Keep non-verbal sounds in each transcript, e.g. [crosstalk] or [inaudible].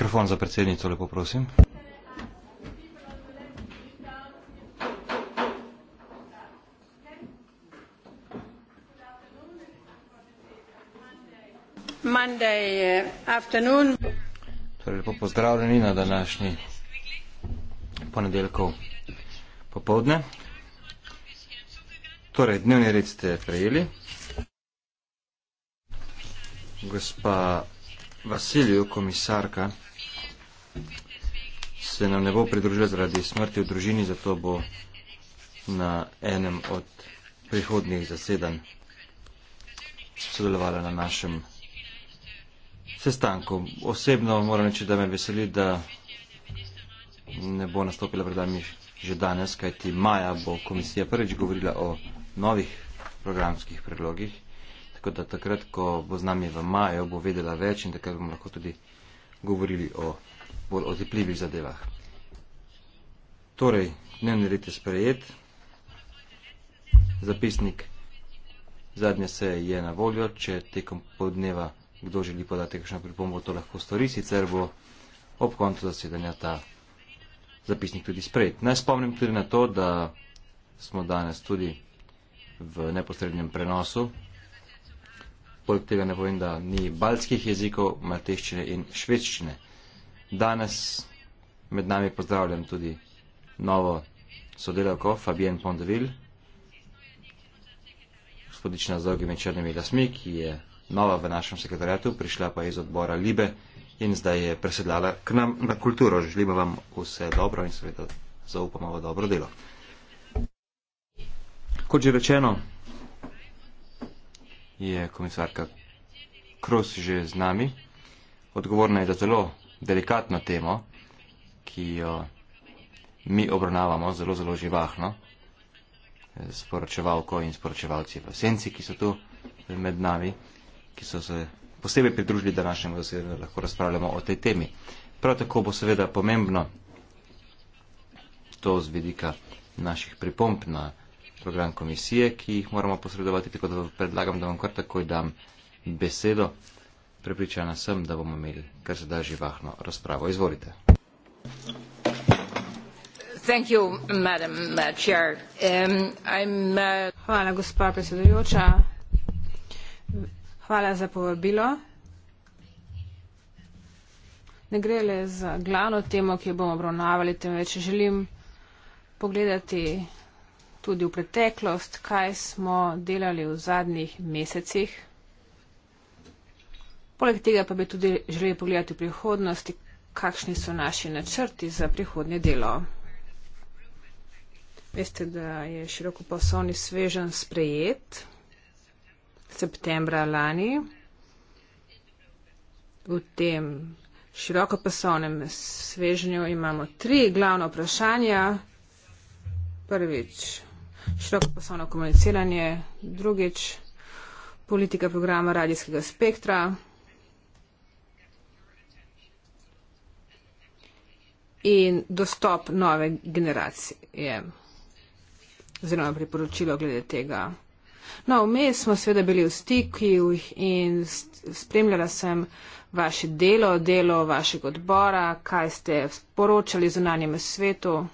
mikrofon za predsednico, lepo prosim. Eh, torej, lepo pozdravljeni na današnji ponedeljkov popovdne. Torej, dnevni red ste prejeli. Gospa Vasilijo, komisarka, se nam ne bo pridružila zaradi smrti v družini, zato bo na enem od prihodnjih zasedanj sodelovala na našem sestanku. Osebno moram reči, da me veseli, da ne bo nastopila pred nami že danes, kajti maja bo komisija prvič govorila o novih programskih predlogih, tako da takrat, ko bo z nami v maju, bo vedela več in takrat bomo lahko tudi govorili o bolj otepljivih zadevah. Torej, dnevni red je sprejet, zapisnik zadnje se je na voljo, če tekom podneva kdo želi podati kakšno pripombo, to lahko stori, sicer bo ob koncu zasedanja ta zapisnik tudi sprejet. Naj spomnim tudi na to, da smo danes tudi v neposrednjem prenosu. Poleg tega ne povem, da ni baltskih jezikov, malteščine in švedščine danes med nami pozdravljam tudi novo sodelavko Fabien Pondeville, gospodična z dolgimi črnimi lasmi, ki je nova v našem sekretariatu, prišla pa iz odbora Libe in zdaj je presedlala k nam na kulturo. Želimo vam vse dobro in seveda zaupamo v dobro delo. Kot že rečeno, je komisarka Kros že z nami. Odgovorna je za celo delikatno temo, ki jo mi obravnavamo zelo, zelo živahno, sporočevalko in sporočevalci v senci, ki so tu med nami, ki so se posebej pridružili današnjemu zasedanju, da lahko razpravljamo o tej temi. Prav tako bo seveda pomembno to z vidika naših pripomp na program komisije, ki jih moramo posredovati, tako da predlagam, da vam kar takoj dam besedo. Prepričana sem, da bomo imeli kar se da živahno razpravo. Izvolite. Thank you, madam uh, chair. Um, I'm, uh... Hvala, gospa predsedujoča. Hvala za povabilo. Ne gre le za glavno temo, ki jo bomo obravnavali, temveč želim pogledati tudi v preteklost, kaj smo delali v zadnjih mesecih. Poleg tega pa bi tudi želeli pogledati v prihodnosti, kakšni so naši načrti za prihodnje delo. Veste, da je širokopasovni svežen sprejet septembra lani. V tem širokopasovnem svežnju imamo tri glavna vprašanja. Prvič, širokopasovno komuniciranje, drugič, politika programa radijskega spektra. in dostop nove generacije. Oziroma priporočilo glede tega. No, vmes smo seveda bili v stiku in spremljala sem vaše delo, delo vašega odbora, kaj ste poročali zunanjemu svetu.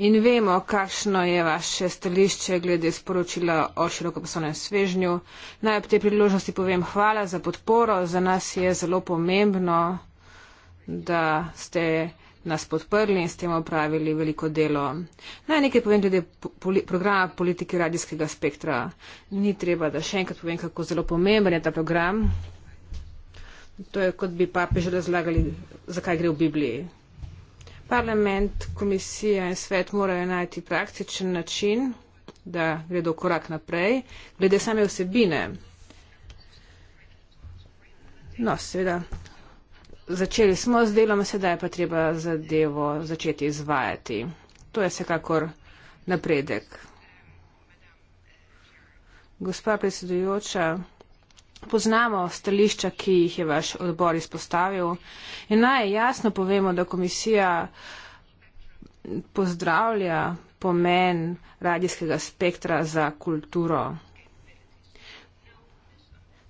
In vemo, kakšno je vaše stališče glede sporočila o širokoposlovnem svežnju. Naj ob tej priložnosti povem hvala za podporo. Za nas je zelo pomembno, da ste nas podprli in s tem opravili veliko delo. Naj nekaj povem glede poli programa politike radijskega spektra. Ni treba, da še enkrat povem, kako zelo pomemben je ta program. To je, kot bi papež razlagali, zakaj gre v Bibliji. Parlament, komisija in svet morajo najti praktičen način, da gredo korak naprej, glede same vsebine. No, seveda, začeli smo z delom, sedaj pa treba zadevo začeti izvajati. To je vsekakor napredek. Gospa predsedujoča, poznamo stališča, ki jih je vaš odbor izpostavil in naj jasno povemo, da komisija pozdravlja pomen radijskega spektra za kulturo.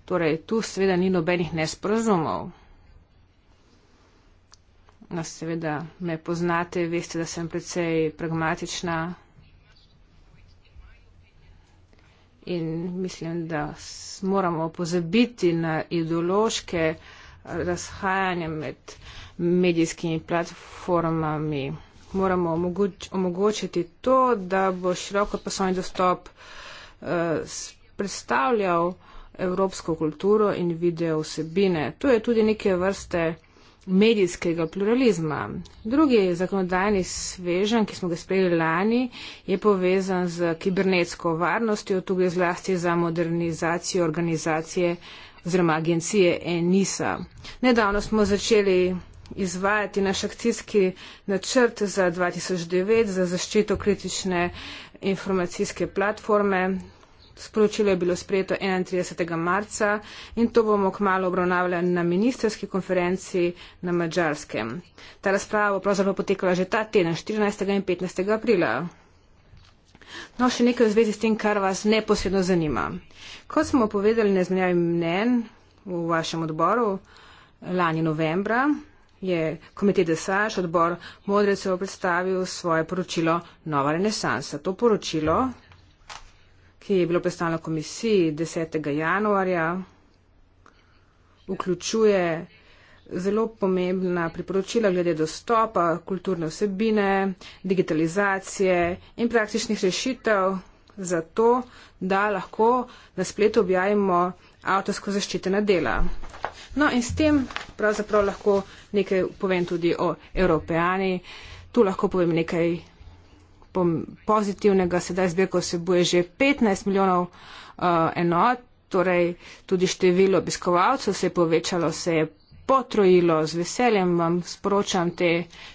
Torej, tu sveda ni nobenih nesporazumov no, seveda me poznate, veste, da sem precej pragmatična in mislim, da moramo pozabiti na ideološke razhajanja med medijskimi platformami. Moramo omogoč omogočiti to, da bo široko poslovni dostop eh, predstavljal evropsko kulturo in video vsebine. To je tudi neke vrste medijskega pluralizma. Drugi zakonodajni svežen, ki smo ga sprejeli lani, je povezan z kibernetsko varnostjo, tu gre zlasti za modernizacijo organizacije oziroma agencije ENISA. Nedavno smo začeli izvajati naš akcijski načrt za 2009 za zaščito kritične informacijske platforme, Sporočilo je bilo sprejeto 31. marca in to bomo kmalo obravnavali na ministerski konferenci na Mačarskem. Ta razprava bo pravzaprav potekala že ta teden, 14. in 15. aprila. No, še nekaj v zvezi s tem, kar vas neposredno zanima. Kot smo povedali na izmenjavi mnen v vašem odboru lani novembra, je komitet Desaž odbor Modrecev predstavil svoje poročilo Nova renesansa. To poročilo ki je bilo predstavljeno komisiji 10. januarja, vključuje zelo pomembna priporočila glede dostopa, kulturne vsebine, digitalizacije in praktičnih rešitev za to, da lahko na spletu objavimo avtorsko zaščitena dela. No in s tem pravzaprav lahko nekaj povem tudi o Evropejani. Tu lahko povem nekaj pozitivnega, sedaj zbirka vsebuje že 15 milijonov uh, enot, torej tudi število obiskovalcev se je povečalo, se je potrojilo, z veseljem vam sporočam te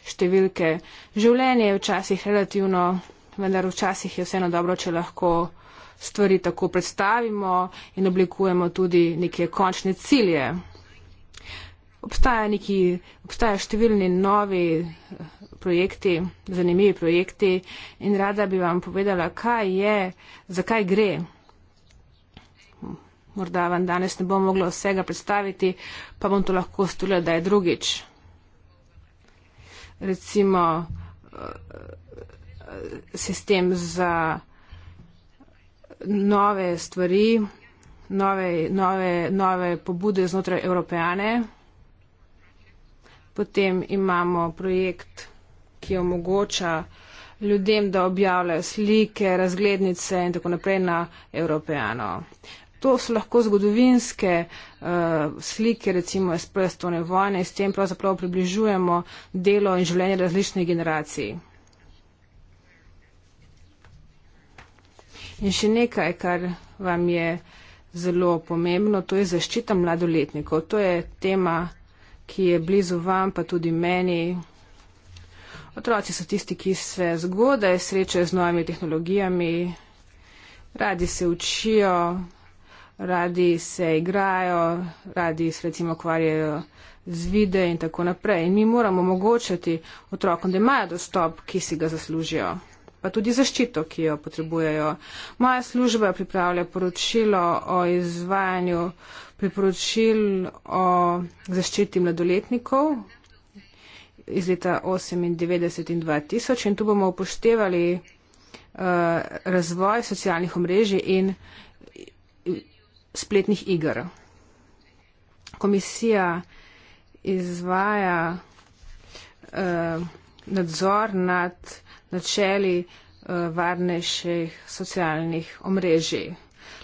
številke. Življenje je včasih relativno, vendar včasih je vseeno dobro, če lahko stvari tako predstavimo in oblikujemo tudi neke končne cilje. Obstaja neki, obstaja številni novi projekti, zanimivi projekti in rada bi vam povedala, kaj je, zakaj gre. Morda vam danes ne bom mogla vsega predstaviti, pa bom to lahko storila, da je drugič. Recimo eh, sistem za eh, nove stvari, nove, nove, nove pobude znotraj Evropejane. Potem imamo projekt ki omogoča ljudem, da objavljajo slike, razglednice in tako naprej na Evropejano. To so lahko zgodovinske uh, slike, recimo iz prstovne vojne, s tem pravzaprav približujemo delo in življenje različnih generacij. In še nekaj, kar vam je zelo pomembno, to je zaščita mladoletnikov. To je tema, ki je blizu vam, pa tudi meni. Otroci so tisti, ki se zgodaj srečajo z novimi tehnologijami, radi se učijo, radi se igrajo, radi se recimo kvarjajo z vide in tako naprej. In mi moramo omogočati otrokom, da imajo dostop, ki si ga zaslužijo, pa tudi zaščito, ki jo potrebujejo. Moja služba pripravlja poročilo o izvajanju priporočil o zaščiti mladoletnikov iz leta 98 in 2000 in tu bomo upoštevali uh, razvoj socialnih omrežij in spletnih igr. Komisija izvaja uh, nadzor nad načeli uh, varnejših socialnih omrežij.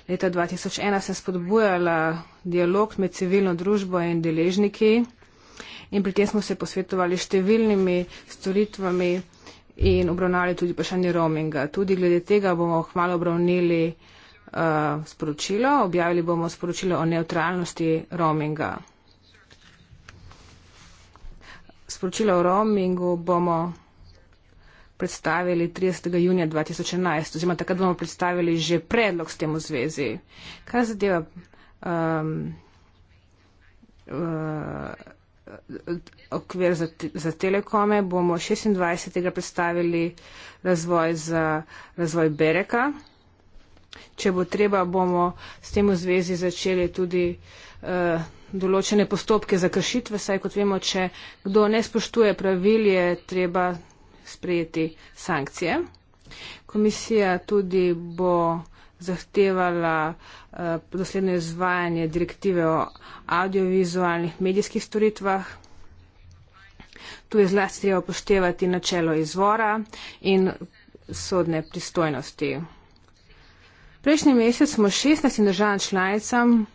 Leta 2001 sem spodbujala dialog med civilno družbo in deležniki in pri tem smo se posvetovali številnimi storitvami in obravnali tudi vprašanje roaminga. Tudi glede tega bomo hmalo obravnili uh, sporočilo, objavili bomo sporočilo o neutralnosti roaminga. Sporočilo o roamingu bomo predstavili 30. junija 2011, oziroma takrat bomo predstavili že predlog s tem v zvezi. Kar zadeva um, uh, okvir za, te, za telekome, bomo 26. predstavili razvoj za razvoj Bereka. Če bo treba, bomo s tem v zvezi začeli tudi eh, določene postopke za kršitve, saj kot vemo, če kdo ne spoštuje pravil, je treba sprejeti sankcije. Komisija tudi bo zahtevala eh, dosledno izvajanje direktive o audiovizualnih medijskih storitvah. Tu je zlasti treba upoštevati načelo izvora in sodne pristojnosti. Prejšnji mesec smo 16 državam članicam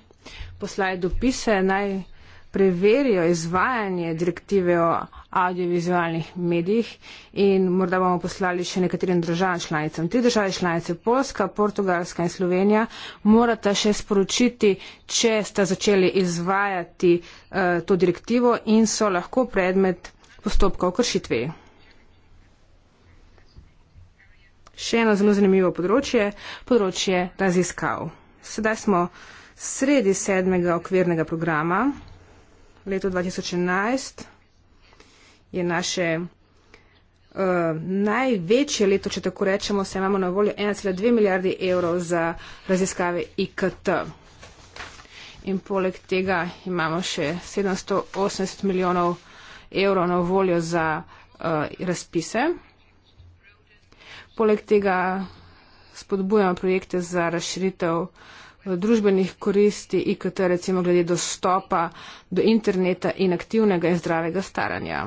poslali dopise naj preverijo izvajanje direktive o audiovizualnih medijih in morda bomo poslali še nekaterim državam članicam. Te države članice Polska, Portugalska in Slovenija morata še sporočiti, če sta začeli izvajati uh, to direktivo in so lahko predmet postopka o kršitvi. Še eno zelo zanimivo področje, področje raziskav. Sedaj smo sredi sedmega okvirnega programa leto 2011 je naše uh, največje leto, če tako rečemo, saj imamo na voljo 1,2 milijardi evrov za raziskave IKT. In poleg tega imamo še 780 milijonov evrov na voljo za uh, razpise. Poleg tega spodbujamo projekte za razširitev eh, družbenih koristi IKT, recimo glede dostopa do interneta in aktivnega in zdravega staranja.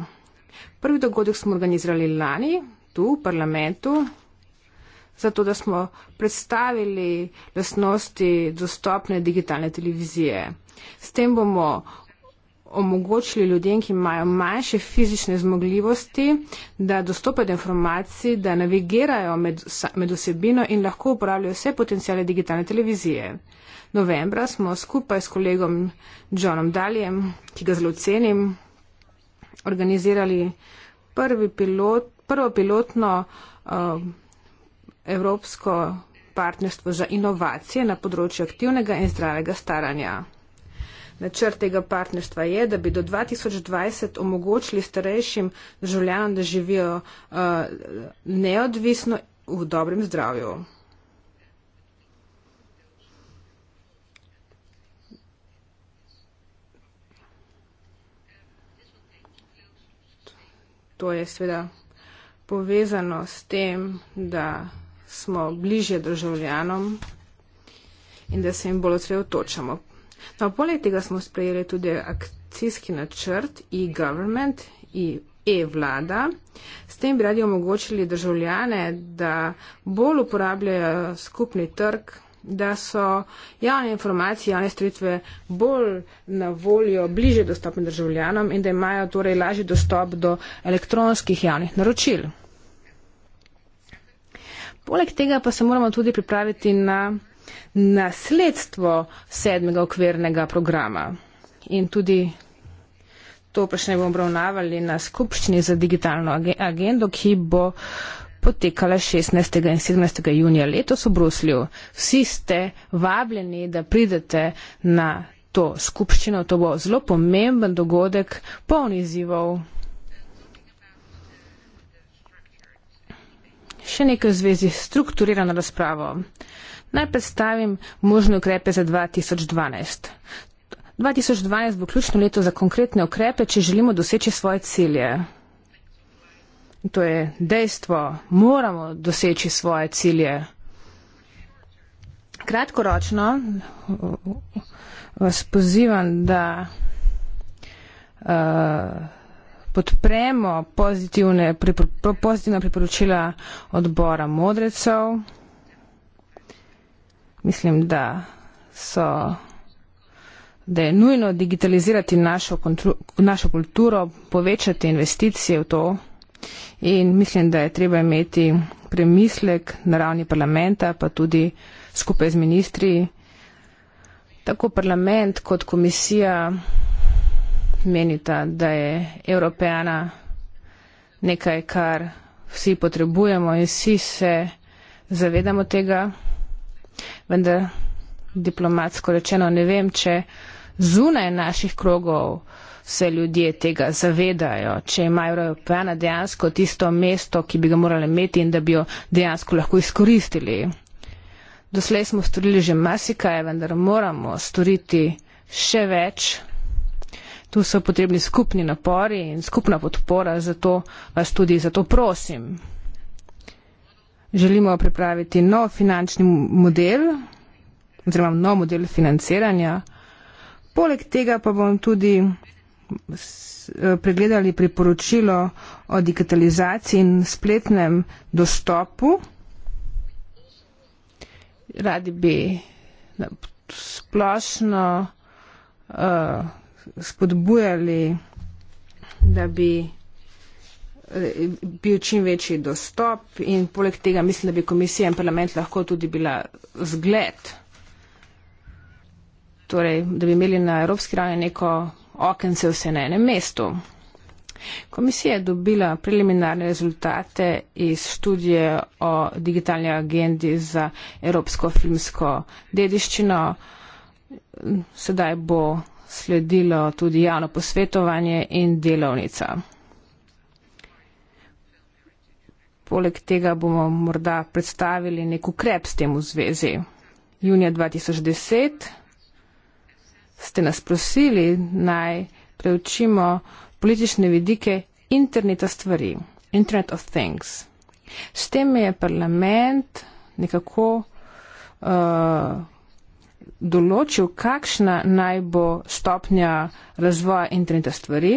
Prvi dogodek smo organizirali lani tu v parlamentu, zato da smo predstavili lasnosti dostopne digitalne televizije. S tem bomo omogočili ljudem, ki imajo manjše fizične zmogljivosti, da dostopajo do informacij, da navigirajo med, med osebino in lahko uporabljajo vse potencijale digitalne televizije. Novembra smo skupaj s kolegom Johnom Daljem, ki ga zelo cenim, organizirali prvi pilot, prvo pilotno um, evropsko partnerstvo za inovacije na področju aktivnega in zdravega staranja. Načrt tega partnerstva je, da bi do 2020 omogočili starejšim državljanom, da živijo uh, neodvisno v dobrem zdravju. to je seveda povezano s tem, da smo bliže državljanom in da se jim bolj osredotočamo. No, poleg tega smo sprejeli tudi akcijski načrt e-government in e-vlada. S tem bi radi omogočili državljane, da bolj uporabljajo skupni trg da so javne informacije, javne storitve bolj na voljo, bliže dostopne državljanom in da imajo torej lažji dostop do elektronskih javnih naročil. Poleg tega pa se moramo tudi pripraviti na nasledstvo sedmega okvirnega programa. In tudi to vprašanje bomo obravnavali na skupščini za digitalno agendo, ki bo potekala 16. in 17. junija letos v Bruslju. Vsi ste vabljeni, da pridete na to skupščino. To bo zelo pomemben dogodek, poln izzivov. Še nekaj v zvezi s strukturirano razpravo. Naj predstavim možne ukrepe za 2012. 2012 bo ključno leto za konkretne ukrepe, če želimo doseči svoje cilje. To je dejstvo. Moramo doseči svoje cilje. Kratkoročno vas pozivam, da uh, podpremo pozitivne, pripro, pozitivne priporočila odbora modrecev. Mislim, da, so, da je nujno digitalizirati našo, kontru, našo kulturo, povečati investicije v to. In mislim, da je treba imeti premislek na ravni parlamenta, pa tudi skupaj z ministri. Tako parlament kot komisija menita, da je Evropejana nekaj, kar vsi potrebujemo in vsi se zavedamo tega, vendar diplomatsko rečeno ne vem, če zunaj naših krogov se ljudje tega zavedajo, če imajo Evropejana dejansko tisto mesto, ki bi ga morali imeti in da bi jo dejansko lahko izkoristili. Doslej smo storili že masika, vendar moramo storiti še več. Tu so potrebni skupni napori in skupna podpora, zato vas tudi zato prosim. Želimo pripraviti nov finančni model, oziroma nov model financiranja. Poleg tega pa bom tudi Eh, pregledali priporočilo o digitalizaciji in spletnem dostopu. Radi bi splošno uh, spodbujali, da bi eh, bil čim večji dostop in poleg tega mislim, da bi komisija in parlament lahko tudi bila zgled. Torej, da bi imeli na evropski ravni neko okence vse na enem mestu. Komisija je dobila preliminarne rezultate iz študije o digitalni agendi za evropsko filmsko dediščino. Sedaj bo sledilo tudi javno posvetovanje in delovnica. Poleg tega bomo morda predstavili nek ukrep s tem v zvezi. Junija 2010 ste nas prosili, naj preučimo politične vidike interneta stvari, Internet of Things. S tem je parlament nekako uh, določil, kakšna naj bo stopnja razvoja interneta stvari,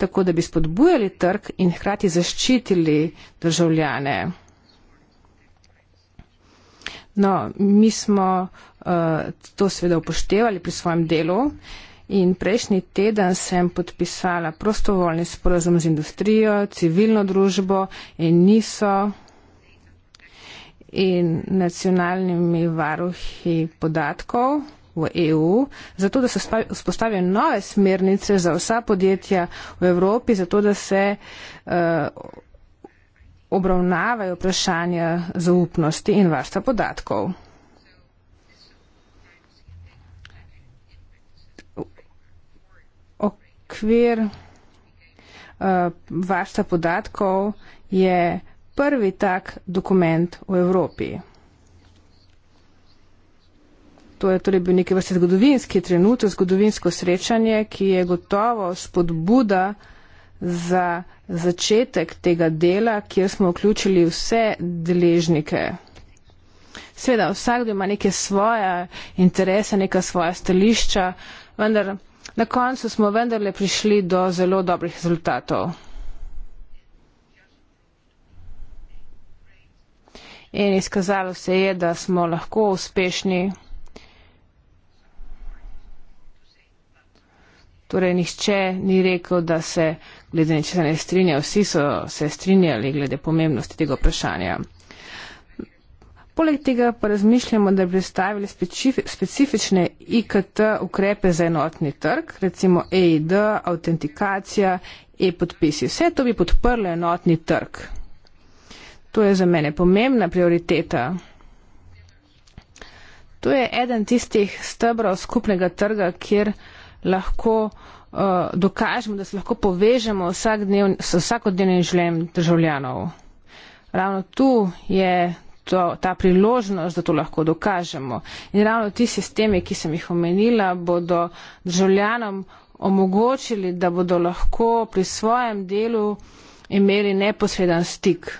tako da bi spodbujali trg in hkrati zaščitili državljane. No, mi smo uh, uh, to seveda upoštevali pri svojem delu. In prejšnji teden sem podpisala prostovoljni sporozum z industrijo, civilno družbo in niso in nacionalnimi varuhi podatkov v EU, zato da se spostavijo nove smernice za vsa podjetja v Evropi, zato da se uh, obravnavajo vprašanja zaupnosti in varstva podatkov. okvir uh, varstva podatkov je prvi tak dokument v Evropi. To je torej bil neki vrste zgodovinski trenutek, zgodovinsko srečanje, ki je gotovo spodbuda za začetek tega dela, kjer smo vključili vse deležnike. Sveda, vsakdo ima neke svoje interese, neka svoja stališča, vendar Na koncu smo vendarle prišli do zelo dobrih rezultatov. In izkazalo se je, da smo lahko uspešni. Torej, nihče ni rekel, da se glede nečesa ne strinja. Vsi so se strinjali glede pomembnosti tega vprašanja. Poleg tega pa razmišljamo, da bi predstavili specifi, specifične IKT ukrepe za enotni trg, recimo EID, autentikacija, e-podpisi. Vse to bi podprlo enotni trg. To je za mene pomembna prioriteta. To je eden tistih stebrov skupnega trga, kjer lahko uh, dokažemo, da se lahko povežemo vsak dnev, s vsakodnevnim življenjem državljanov. Ravno tu je to, ta priložnost, da to lahko dokažemo. In ravno ti sistemi, ki sem jih omenila, bodo državljanom omogočili, da bodo lahko pri svojem delu imeli neposreden stik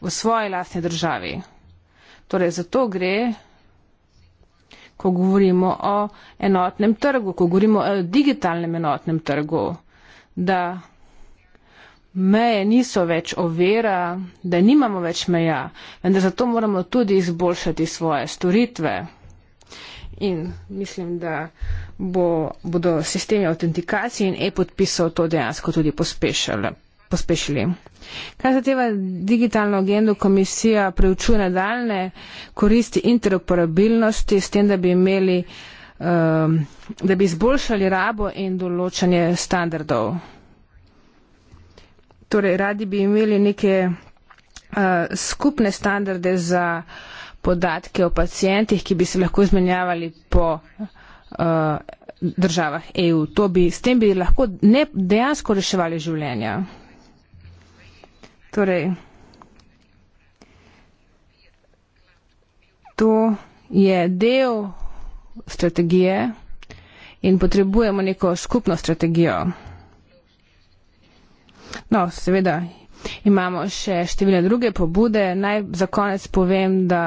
v svoji lastni državi. Torej, zato gre, ko govorimo o enotnem trgu, ko govorimo o digitalnem enotnem trgu, da meje niso več ovira, da nimamo več meja, vendar zato moramo tudi izboljšati svoje storitve. In mislim, da bo, bodo sistemi autentikacije in e-podpisov to dejansko tudi pospešali. Pospešili. Kar zadeva digitalno agendo, komisija preučuje nadaljne koristi interoperabilnosti s tem, da bi imeli, um, da bi izboljšali rabo in določanje standardov torej radi bi imeli neke uh, skupne standarde za podatke o pacijentih, ki bi se lahko izmenjavali po uh, državah EU. Bi, s tem bi lahko ne, dejansko reševali življenja. Torej, to je del strategije in potrebujemo neko skupno strategijo. No, seveda imamo še številne druge pobude. Naj za konec povem, da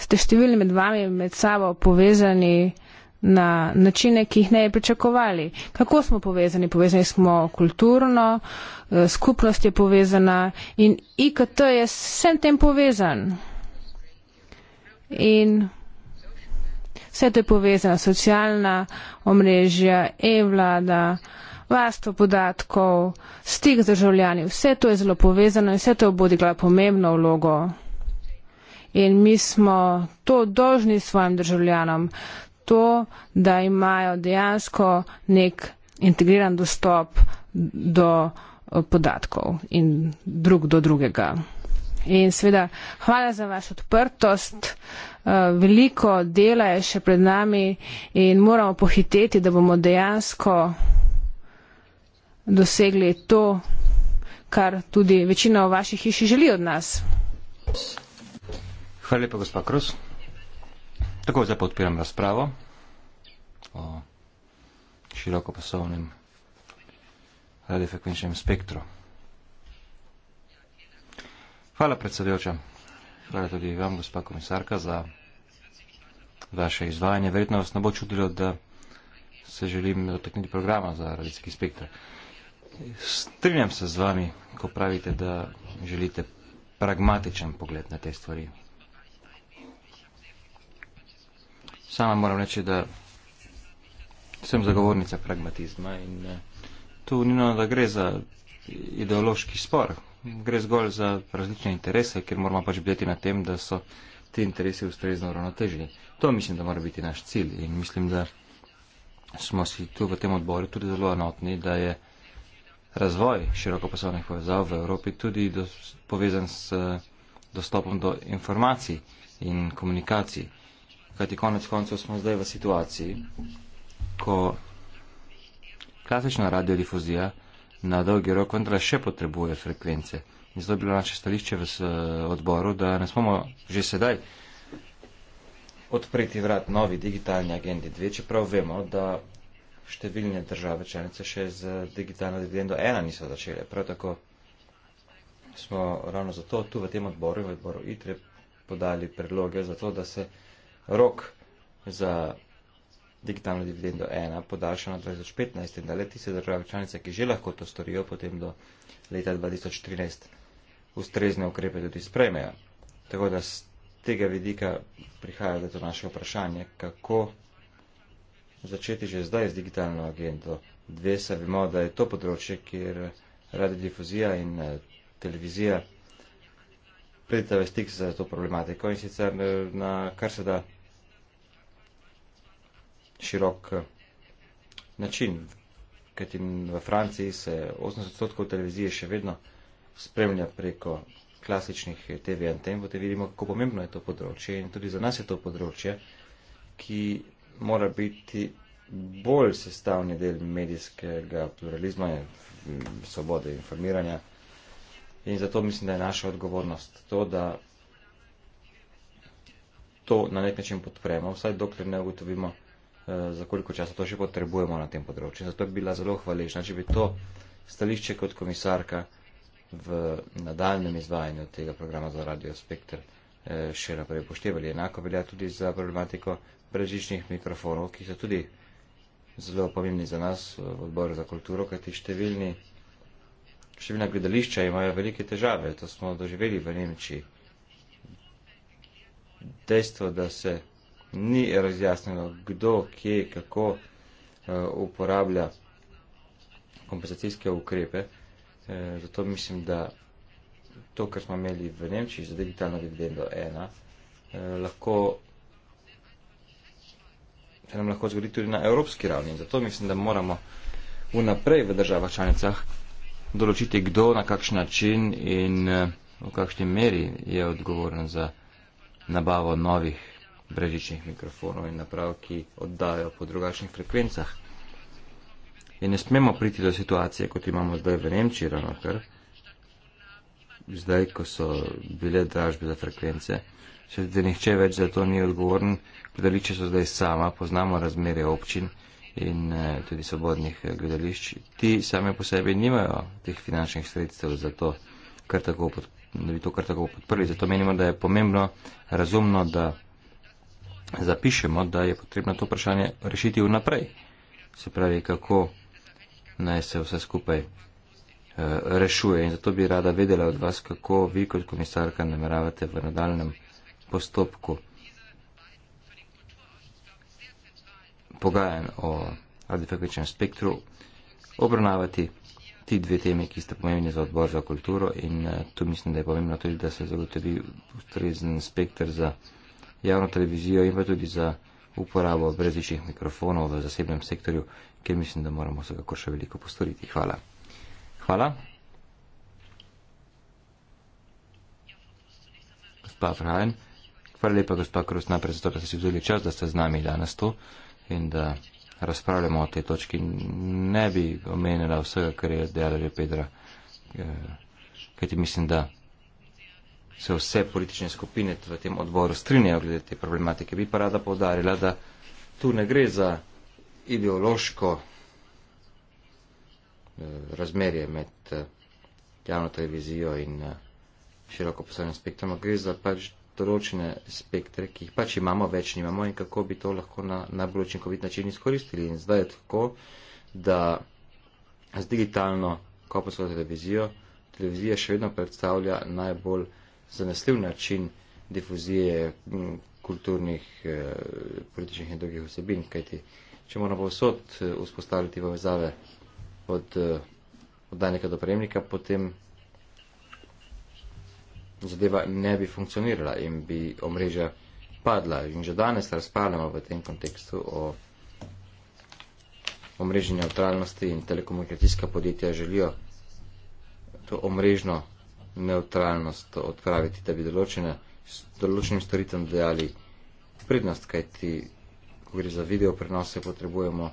ste številni med vami med sabo povezani na načine, ki jih ne bi pričakovali. Kako smo povezani? Povezani smo kulturno, eh, skupnost je povezana in IKT je s vsem tem povezan. In vse to je povezano, socialna omrežja, e-vlada varstvo podatkov, stik z državljani, vse to je zelo povezano in vse to bo odigralo pomembno vlogo. In mi smo to dolžni svojim državljanom, to, da imajo dejansko nek integriran dostop do eh, podatkov in drug do drugega. In seveda, hvala za vašo odprtost. Eh, veliko dela je še pred nami in moramo pohiteti, da bomo dejansko dosegli to, kar tudi večina v vaši hiši želi od nas. Hvala lepa, gospa Kros. Tako zdaj podpiram razpravo o širokopasovnem radiofrekvenčnem spektru. Hvala predsedujoča. Hvala tudi vam, gospa komisarka, za vaše izvajanje. Verjetno vas ne bo čudilo, da se želim dotakniti programa za radijski spektr. Strinjam se z vami, ko pravite, da želite pragmatičen pogled na te stvari. Sama moram reči, da sem zagovornica pragmatizma in eh, tu ni no, da gre za ideološki spor. Gre zgolj za različne interese, ker moramo pač bdeti na tem, da so ti interesi ustrezno uravnoteženi. To mislim, da mora biti naš cilj in mislim, da smo si tu v tem odboru tudi zelo enotni, da je razvoj širokopasovnih povezav v Evropi tudi do, povezan s dostopom do informacij in komunikacij. Kajti konec koncev smo zdaj v situaciji, ko klasična radiodifuzija na dolgi rok vendar še potrebuje frekvence. In zato je bilo naše stališče v odboru, da ne smemo že sedaj odpreti vrat novi digitalni agendi 2, čeprav vemo, da številne države članice še z digitalno dividendo ena niso začele. Prav tako smo ravno zato tu v tem odboru, v odboru ITRE, podali predloge za to, da se rok za digitalno dividendo ena podaljša na 2015 in da le tiste države članice, ki že lahko to storijo, potem do leta 2014 ustrezne ukrepe tudi sprejmejo. Tako da z tega vidika prihaja do naše vprašanje, kako začeti že zdaj z digitalno agendo. Dve se vemo, da je to področje, kjer radiodifuzija in eh, televizija pridete v stik za to problematiko in sicer eh, na kar se da širok eh, način. Kajti v Franciji se 80% televizije še vedno spremlja preko klasičnih TV anten, potem vidimo, kako pomembno je to področje in tudi za nas je to področje, ki mora biti bolj sestavni del medijskega pluralizma in svobode informiranja. In zato mislim, da je naša odgovornost to, da to na nek način podpremo, vsaj dokler ne ugotovimo, eh, za koliko časa to še potrebujemo na tem področju. Zato bi bila zelo hvaležna, če bi to stališče kot komisarka v nadaljem izvajanju tega programa za Radio Spectre. Eh, še naprej upoštevali. Enako velja tudi za problematiko brezžičnih mikrofonov, ki so tudi zelo pomembni za nas v odboru za kulturo, kajti številni, številna gledališča imajo velike težave. To smo doživeli v Nemčiji. Dejstvo, da se ni razjasnilo, kdo, kje, kako uh, uporablja kompenzacijske ukrepe. E, zato mislim, da to, kar smo imeli v Nemčiji za digitalno dividendo 1, eh, lahko se nam lahko zgodi tudi na evropski ravni. Zato mislim, da moramo vnaprej v državah članicah določiti, kdo na kakšen način in eh, v kakšni meri je odgovoren za nabavo novih brežičnih mikrofonov in naprav, ki oddajo po drugačnih frekvencah. In ne smemo priti do situacije, kot imamo zdaj v Nemčiji, ravno kar zdaj, ko so bile dražbe za frekvence, se da nihče več za to ni odgovoren, gledališče so zdaj sama, poznamo razmere občin in eh, tudi svobodnih eh, gledališč. Ti same po sebi nimajo teh finančnih sredstev za to, kar tako podpirajo da bi to kar tako podprli. Zato menimo, da je pomembno, razumno, da zapišemo, da je potrebno to vprašanje rešiti vnaprej. Se pravi, kako naj se vse skupaj Eh, rešuje. In zato bi rada vedela od vas, kako vi kot komisarka nameravate v nadaljem postopku pogajanj o radiofrekvenčnem spektru obravnavati ti dve temi, ki sta pomembni za odbor za kulturo in eh, tu mislim, da je pomembno tudi, da se zagotovi ustrezen spektr za javno televizijo in pa tudi za uporabo brezličnih mikrofonov v zasebnem sektorju, kjer mislim, da moramo se kakor še veliko postoriti. Hvala. Hvala. Gospa Frajen, hvala lepa, gospa Kruz, najprej zato, da ste si vzeli čas, da ste z nami danes tu in da razpravljamo o tej točki. Ne bi omenila vsega, kar je dejala že Pedra, eh, kaj ti mislim, da se vse politične skupine v tem odboru strinjajo glede te problematike. Bi pa rada povdarila, da tu ne gre za ideološko razmerje med eh, javno televizijo in eh, široko posebnim spektrom. Gre za pač določene spektre, ki jih pač imamo, več nimamo in kako bi to lahko na najbolj učinkovit način izkoristili. In zdaj je tako, da z digitalno kopensko televizijo, televizija še vedno predstavlja najbolj zanesljiv način difuzije mm, kulturnih, eh, političnih in drugih vsebin, kajti če moramo vsod vzpostaviti povezave od eh, oddajnika do prejemnika, potem zadeva ne bi funkcionirala in bi omrežja padla. In že danes razpravljamo v tem kontekstu o omrežji neutralnosti in telekomunikacijska podjetja želijo to omrežno neutralnost odpraviti, da bi določene, določenim storitem dejali prednost, kajti, ko gre za video prenose, potrebujemo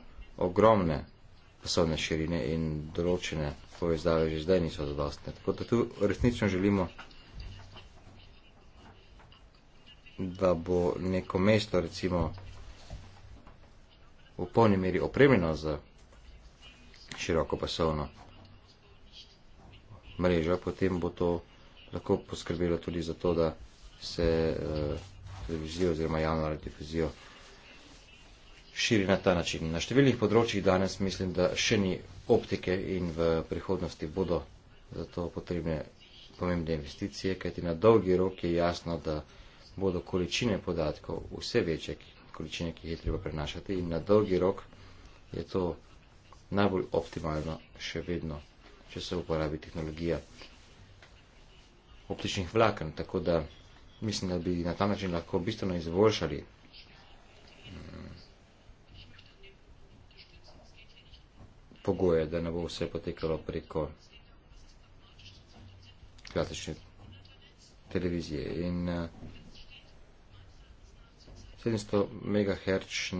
ogromne poslovne širine in določene povezave že zdaj niso zadostne. Tako da tu resnično želimo, da bo neko mesto recimo v polni meri opremljeno z široko pasovno mrežo, potem bo to lahko poskrbelo tudi za to, da se eh, televizijo oziroma javno radiofizijo širi na ta način. Na številnih področjih danes mislim, da še ni optike in v prihodnosti bodo zato potrebne pomembne investicije, kajti na dolgi rok je jasno, da bodo količine podatkov vse večje, količine, ki jih je treba prenašati in na dolgi rok je to najbolj optimalno še vedno, če se uporabi tehnologija optičnih vlaken, tako da mislim, da bi na ta način lahko bistveno izboljšali pogoje, da ne bo vse potekalo preko klasične televizije. In uh, 700 MHz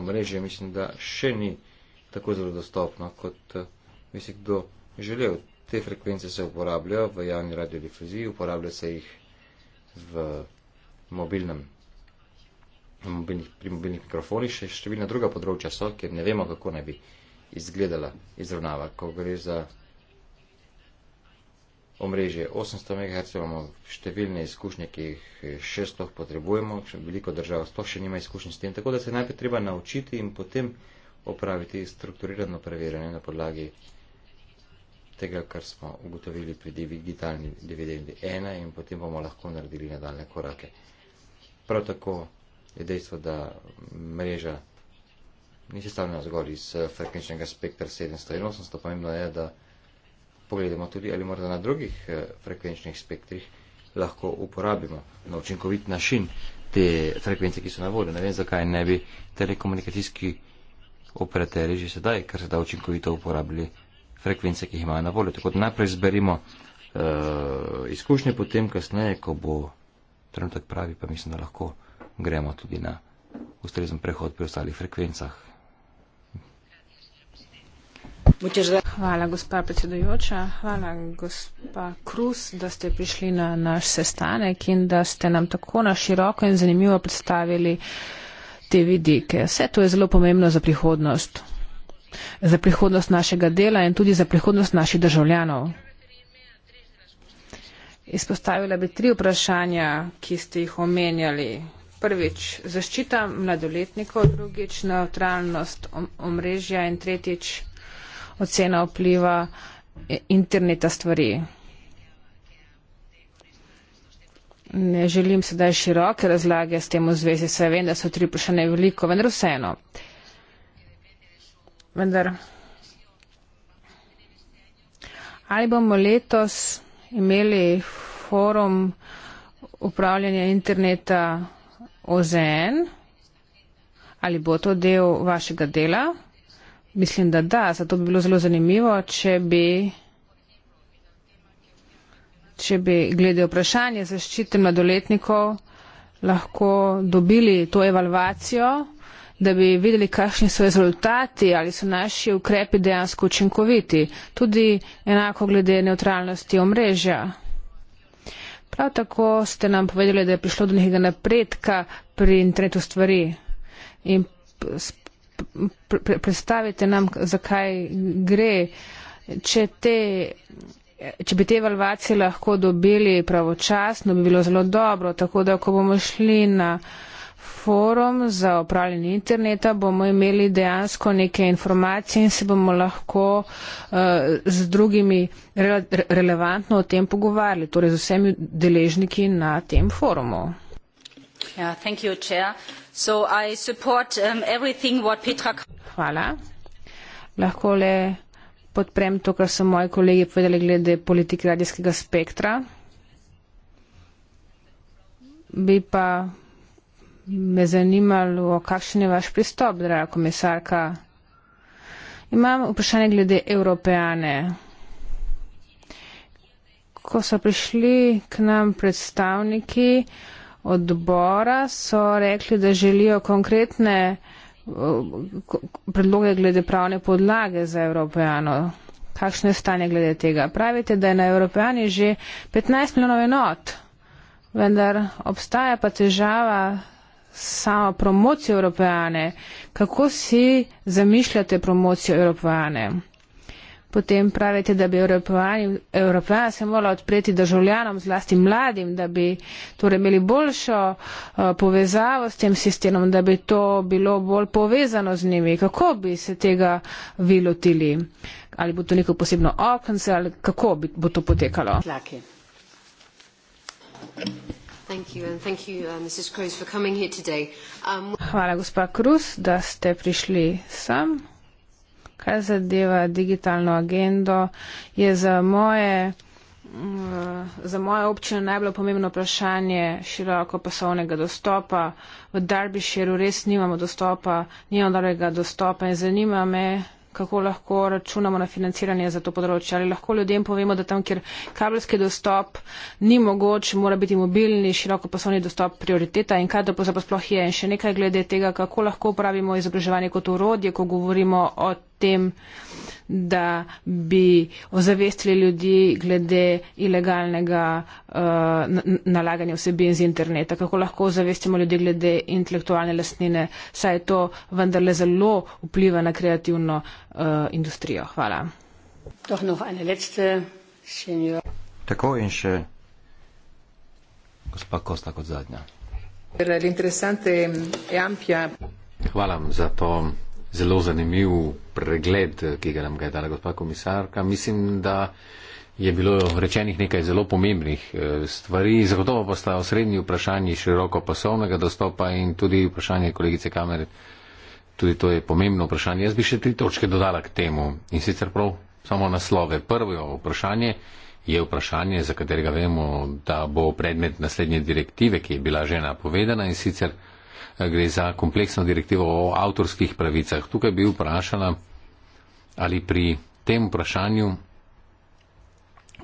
omrežje mislim, da še ni tako zelo dostopno, kot uh, bi si kdo želel. Te frekvence se uporabljajo v javni radiodifuziji, uporablja se jih v mobilnem, mobilnih, pri mobilnih mikrofonih, še številna druga področja so, kjer ne vemo, kako naj bi izgledala izravnava. Ko gre za omrežje 800 MHz, imamo številne izkušnje, ki jih eh, še sploh potrebujemo, veliko držav sploh še nima izkušnje s tem, tako da se najprej treba naučiti in potem opraviti strukturirano preverjanje na podlagi tega, kar smo ugotovili pri digitalni dividendi 1 in potem bomo lahko naredili nadaljne korake. Prav tako je dejstvo, da mreža ni sestavljena zgolj iz eh, frekvenčnega spektra 700 in 800, pomembno je, da pogledamo tudi, ali morda na drugih eh, frekvenčnih spektrih lahko uporabimo na učinkovit način te frekvence, ki so na voljo. Ne vem, zakaj ne bi telekomunikacijski operaterji že sedaj, ker se da učinkovito uporabili frekvence, ki jih imajo na voljo. Tako da najprej zberimo uh, izkušnje, potem kasneje, ko bo trenutek pravi, pa mislim, da lahko gremo tudi na ustrezen prehod pri ostalih frekvencah. Hvala, gospa predsedujoča. Hvala, gospa Kruz, da ste prišli na naš sestanek in da ste nam tako na široko in zanimivo predstavili te vidike. Vse to je zelo pomembno za prihodnost. Za prihodnost našega dela in tudi za prihodnost naših državljanov. Izpostavila bi tri vprašanja, ki ste jih omenjali. Prvič, zaščita mladoletnikov, drugič, neutralnost omrežja in tretjič, ocena vpliva interneta stvari. Ne želim sedaj široke razlage s tem v zvezi, saj vem, da so tri vprašanje veliko, vendar vseeno. Vendar, ali bomo letos imeli forum upravljanja interneta OZN, ali bo to del vašega dela? Mislim, da da, zato bi bilo zelo zanimivo, če bi, če bi glede vprašanja zaščite mladoletnikov lahko dobili to evalvacijo, da bi videli, kakšni so rezultati, ali so naši ukrepi dejansko učinkoviti. Tudi enako glede neutralnosti omrežja. Prav tako ste nam povedali, da je prišlo do nekega napredka pri internetu stvari. In pre, predstavite nam, zakaj gre, če te. Če bi te evalvacije lahko dobili pravočasno, bi bilo zelo dobro. Tako da, ko bomo šli na forum za upravljanje interneta, bomo imeli dejansko neke informacije in se bomo lahko uh, z drugimi re relevantno o tem pogovarjali, torej z vsemi deležniki na tem forumu. Ja, um, Hvala. Lahko le podprem to, kar so moji kolegi povedali glede politike radijskega spektra. Bi pa me zanimalo, kakšen je vaš pristop, draga komisarka. Imam vprašanje glede Evropejane. Ko so prišli k nam predstavniki, odbora so rekli, da želijo konkretne eh, predloge glede pravne podlage za Evropejano. Kakšno je stanje glede tega? Pravite, da je na Evropejani že 15 milijonov enot, vendar obstaja pa težava samo promocijo Evropejane. Kako si zamišljate promocijo Evropejane? Potem pravite, da bi Evropejan se morala odpreti državljanom, zlasti mladim, da bi torej imeli boljšo uh, povezavo s tem sistemom, da bi to bilo bolj povezano z njimi. Kako bi se tega vi lotili? Ali bo to neko posebno okence ali kako bi, bo to potekalo? Laki. Uh, um, Hvala, gospa Cruz, da ste prišli sem kar zadeva digitalno agendo, je za moje, eh, za moje občine najbolj pomembno vprašanje široko pasovnega dostopa. V Darbišeru res nimamo dostopa, nimamo dobrega dostopa in zanima me, kako lahko računamo na financiranje za to področje. Ali lahko ljudem povemo, da tam, kjer kabelski dostop ni mogoč, mora biti mobilni, široko poslovni dostop prioriteta in kaj to pravzaprav sploh je. In še nekaj glede tega, kako lahko upravimo izobraževanje kot urodje, ko govorimo o tem, da bi ozavestili ljudi glede ilegalnega uh, nalaganja vsebin z interneta, kako lahko ozavestimo ljudi glede intelektualne lastnine, saj je to vendarle zelo vpliva na kreativno uh, industrijo. Hvala. Tako in še gospa Kosta kot zadnja. Hvala vam za to zelo zanimiv pregled, ki ga nam ga je dala gospa komisarka. Mislim, da je bilo rečenih nekaj zelo pomembnih eh, stvari. Zagotovo pa sta osrednji vprašanji široko pasovnega dostopa in tudi vprašanje kolegice Kamere. Tudi to je pomembno vprašanje. Jaz bi še tri točke dodala k temu in sicer prav samo naslove. Prvo vprašanje je vprašanje, za katerega vemo, da bo predmet naslednje direktive, ki je bila že napovedana in sicer gre za kompleksno direktivo o avtorskih pravicah. Tukaj bi vprašala, ali pri tem vprašanju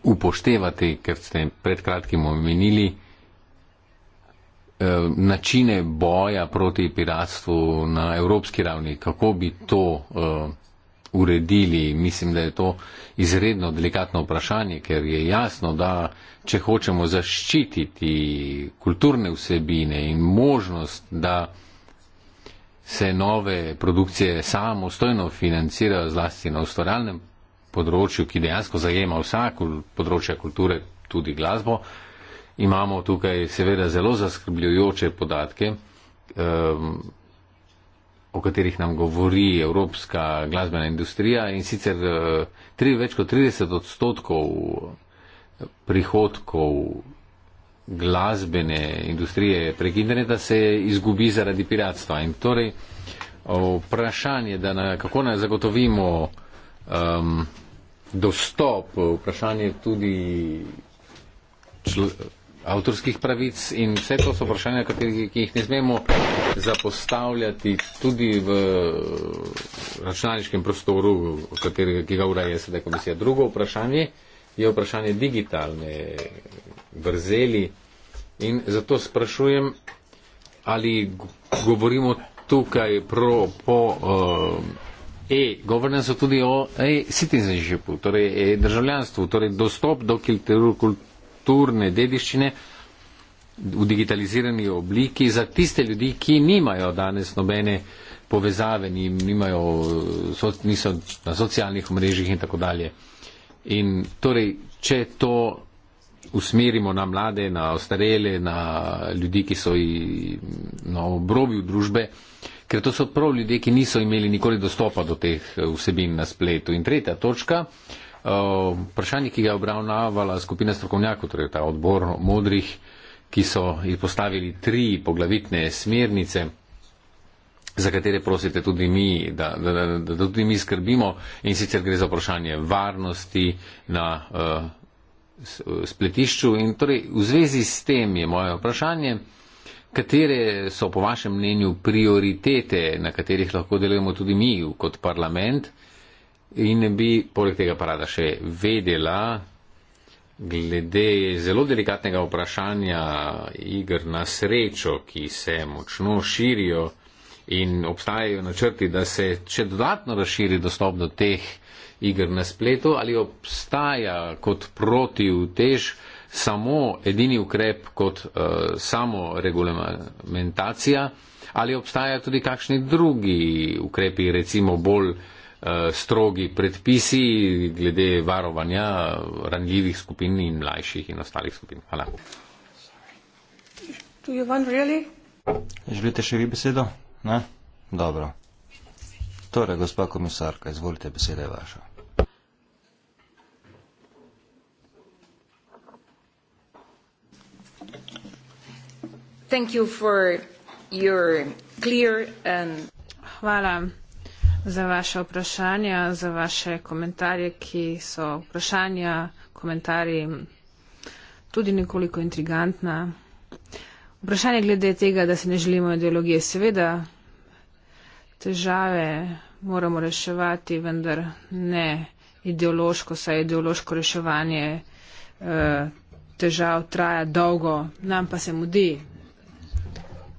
upoštevati, ker ste pred kratkim omenili, eh, načine boja proti piratstvu na evropski ravni, kako bi to uh, uredili. Mislim, da je to izredno delikatno vprašanje, ker je jasno, da če hočemo zaščititi kulturne vsebine in možnost, da se nove produkcije samostojno financirajo zlasti na ustvarjalnem področju, ki dejansko zajema vsa področja kulture, tudi glasbo, imamo tukaj seveda zelo zaskrbljujoče podatke, um, o katerih nam govori evropska glasbena industrija in sicer eh, tri, več kot 30 odstotkov prihodkov glasbene industrije prek interneta se izgubi zaradi piratstva. In torej vprašanje, da na, kako naj zagotovimo um, dostop, vprašanje tudi čl, avtorskih pravic in vse to so vprašanja, ki jih ne smemo zapostavljati tudi v računalniškem prostoru, katerega, ki ga ureja sedaj komisija. Drugo vprašanje je vprašanje digitalne vrzeli in zato sprašujem, ali govorimo tukaj pro, po uh, e-governance tudi o e-citizenshipu, torej e-državljanstvu, torej dostop do kulturne dediščine v digitalizirani obliki za tiste ljudi, ki nimajo danes nobene povezave, nimajo, so, niso na socialnih mrežih in tako dalje. In torej, če to usmerimo na mlade, na ostarele, na ljudi, ki so na obrobju družbe, ker to so prav ljudje, ki niso imeli nikoli dostopa do teh eh, vsebin na spletu. In tretja točka, eh, vprašanje, ki ga je obravnavala skupina strokovnjakov, torej ta odbor modrih, ki so izpostavili tri poglavitne smernice za katere prosite tudi mi, da, da, da, da, da tudi mi skrbimo in sicer gre za vprašanje varnosti na uh, spletišču. In torej v zvezi s tem je moje vprašanje, katere so po vašem mnenju prioritete, na katerih lahko delujemo tudi mi kot parlament in bi poleg tega parada še vedela. Glede zelo delikatnega vprašanja igr na srečo, ki se močno širijo, in obstajajo načrti, da se še dodatno razširi dostop do teh igr na spletu, ali obstaja kot protivtež samo edini ukrep kot uh, eh, samo regulamentacija, ali obstaja tudi kakšni drugi ukrepi, recimo bolj eh, strogi predpisi glede varovanja ranljivih skupin in mlajših in ostalih skupin. Hvala. Želite še vi besedo? Ne? Dobro. Torej, gospa komisarka, izvolite, beseda je vaša. Thank you for your clear and... Um, Hvala za vaše vprašanja, za vaše komentarje, ki so vprašanja, komentarji tudi nekoliko intrigantna. Vprašanje glede tega, da se ne želimo ideologije, seveda težave moramo reševati, vendar ne ideološko, saj ideološko reševanje eh, težav traja dolgo, nam pa se mudi.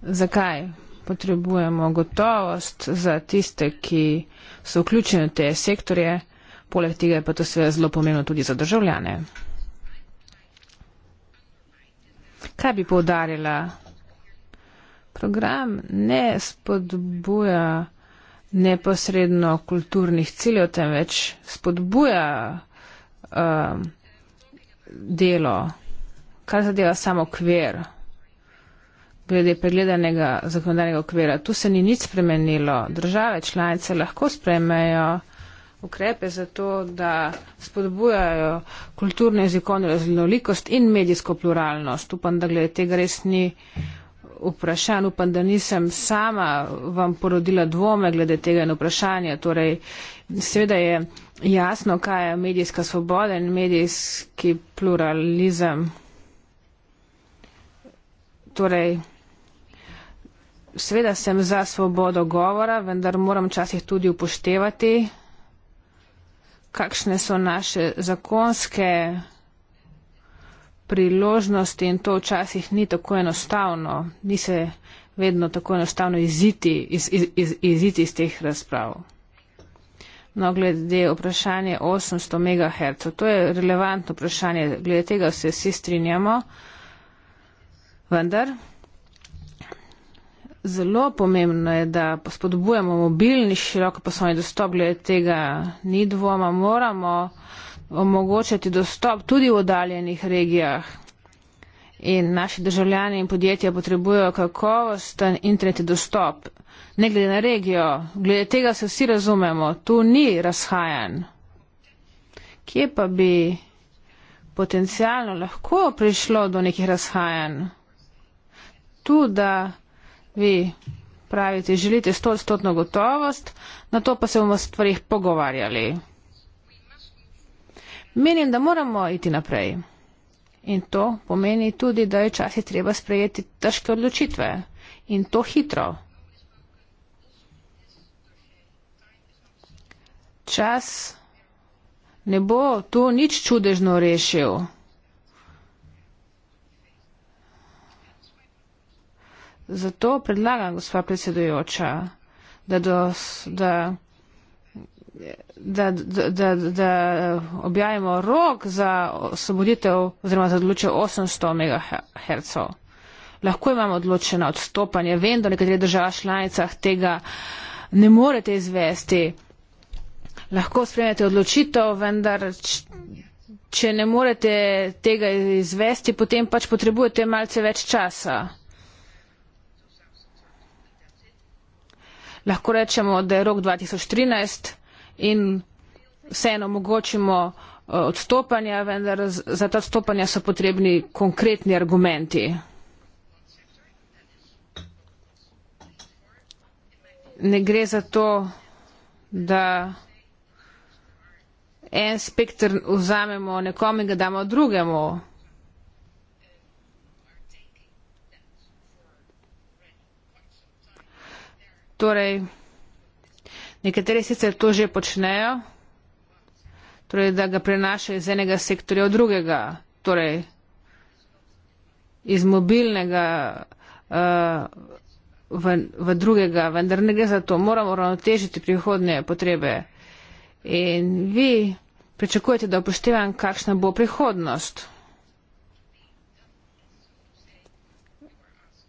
Zakaj? Potrebujemo gotovost za tiste, ki so vključeni v te sektorje, poleg tega je pa to sve zelo pomembno tudi za državljane. Kaj bi povdarila? Program ne spodbuja neposredno kulturnih ciljev, temveč spodbuja uh, delo, kar zadeva samo kver, glede pregledanega zakonodajnega okvira. Tu se ni nič spremenilo. Države članice lahko spremejo ukrepe za to, da spodbujajo kulturno jezikovno raznolikost in medijsko pluralnost. Upam, da glede tega res ni vprašan, upam, da nisem sama vam porodila dvome glede tega in vprašanja. Torej, seveda je jasno, kaj je medijska svoboda in medijski pluralizem. Torej, Sveda sem za svobodo govora, vendar moram včasih tudi upoštevati kakšne so naše zakonske priložnosti in to včasih ni tako enostavno, ni se vedno tako enostavno iziti iz, iz, iz, iz, iz teh razprav. No, glede vprašanje 800 MHz, to je relevantno vprašanje, glede tega se vsi strinjamo, vendar. Zelo pomembno je, da spodbujamo mobilni široko poslovni dostop, glede tega ni dvoma, moramo omogočati dostop tudi v odaljenih regijah. In naši državljani in podjetja potrebujejo kakovosten internet dostop, ne glede na regijo. Glede tega se vsi razumemo, tu ni razhajan. Kje pa bi potencialno lahko prišlo do nekih razhajan? Tu, da vi pravite, želite stotno gotovost, na to pa se bomo stvarih pogovarjali. Menim, da moramo iti naprej. In to pomeni tudi, da je časi treba sprejeti težke odločitve. In to hitro. Čas ne bo tu nič čudežno rešil. Zato predlagam, gospa predsedujoča, da, do, da, da, da, da, da objavimo rok za osvoboditev oziroma za odločitev 800 MHz. Lahko imamo odločena odstopanja, vem, da nekatere države članicah tega ne morete izvesti. Lahko spremljate odločitev, vendar če ne morete tega izvesti, potem pač potrebujete malce več časa. lahko rečemo, da je rok 2013 in vseeno omogočimo eh, odstopanja, vendar za ta odstopanja so potrebni konkretni argumenti. Ne gre za to, da en spektr vzamemo nekom in ga damo drugemu. Torej, nekateri sicer to že počnejo, torej, da ga prenašajo iz enega sektorja v drugega, torej, iz mobilnega uh, v, v drugega, vendar ne gre za to. Moramo ravnotežiti prihodnje potrebe. In vi pričakujete, da upoštevam, kakšna bo prihodnost.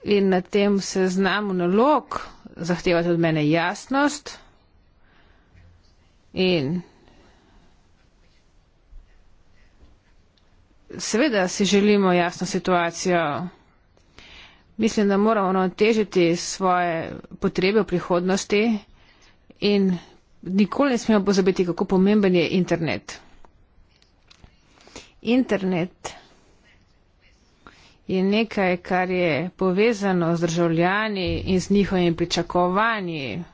In na tem seznamu nalog zahtevate od mene jasnost in seveda si želimo jasno situacijo. Mislim, da moramo težiti svoje potrebe v prihodnosti in nikoli ne smemo pozabiti, kako pomemben je internet. Internet je nekaj, kar je povezano z državljani in z njihovimi pričakovanji.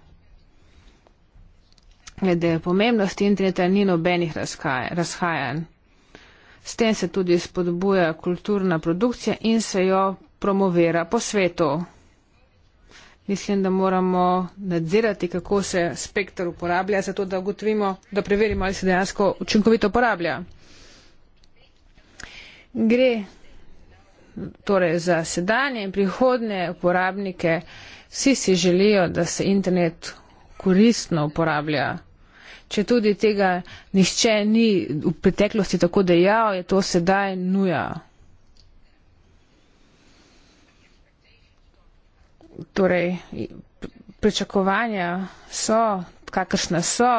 Glede pomembnosti interneta ni nobenih razhajanj. S tem se tudi spodbuja kulturna produkcija in se jo promovira po svetu. Mislim, da moramo nadzirati, kako se spektr uporablja, zato da ugotovimo, da preverimo, ali se dejansko učinkovito uporablja. Gre torej za sedanje in prihodne uporabnike, vsi si želijo, da se internet koristno uporablja. Če tudi tega nišče ni v preteklosti tako dejal, je to sedaj nuja. Torej, pričakovanja so, kakršna so,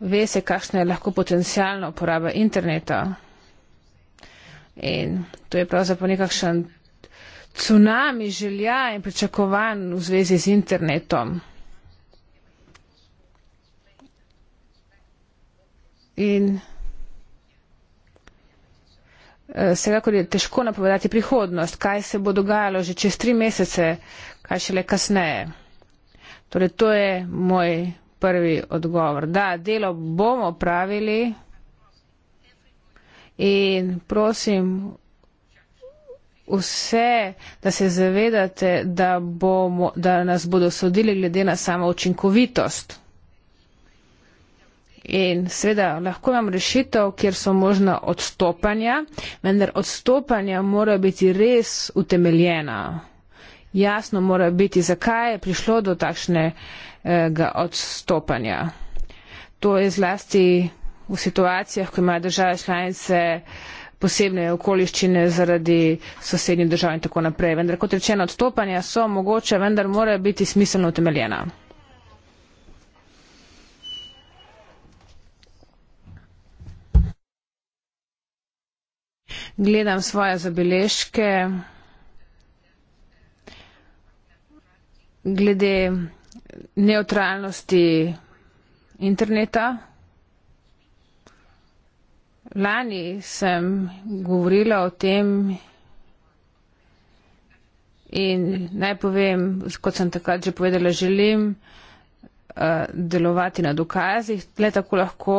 ve se, kakšna je lahko potencijalna uporaba interneta. In to je pravzaprav nekakšen tsunami želja in pričakovanj v zvezi z internetom. In eh, vsekakor je težko napovedati prihodnost, kaj se bo dogajalo že čez tri mesece, kaj šele kasneje. Torej, to je moj prvi odgovor. Da, delo bomo pravili. In prosim vse, da se zavedate, da, bomo, da nas bodo sodili glede na samo učinkovitost. In seveda lahko imam rešitev, kjer so možna odstopanja, vendar odstopanja mora biti res utemeljena. Jasno mora biti, zakaj je prišlo do takšnega odstopanja. To je zlasti v situacijah, ko imajo države članice posebne okoliščine zaradi sosednjih držav in tako naprej. Vendar kot rečeno, odstopanja so mogoče, vendar morajo biti smiselno utemeljena. Gledam svoje zabeležke glede neutralnosti interneta. Lani sem govorila o tem in naj povem, kot sem takrat že povedala, želim uh, delovati na dokazih, le tako lahko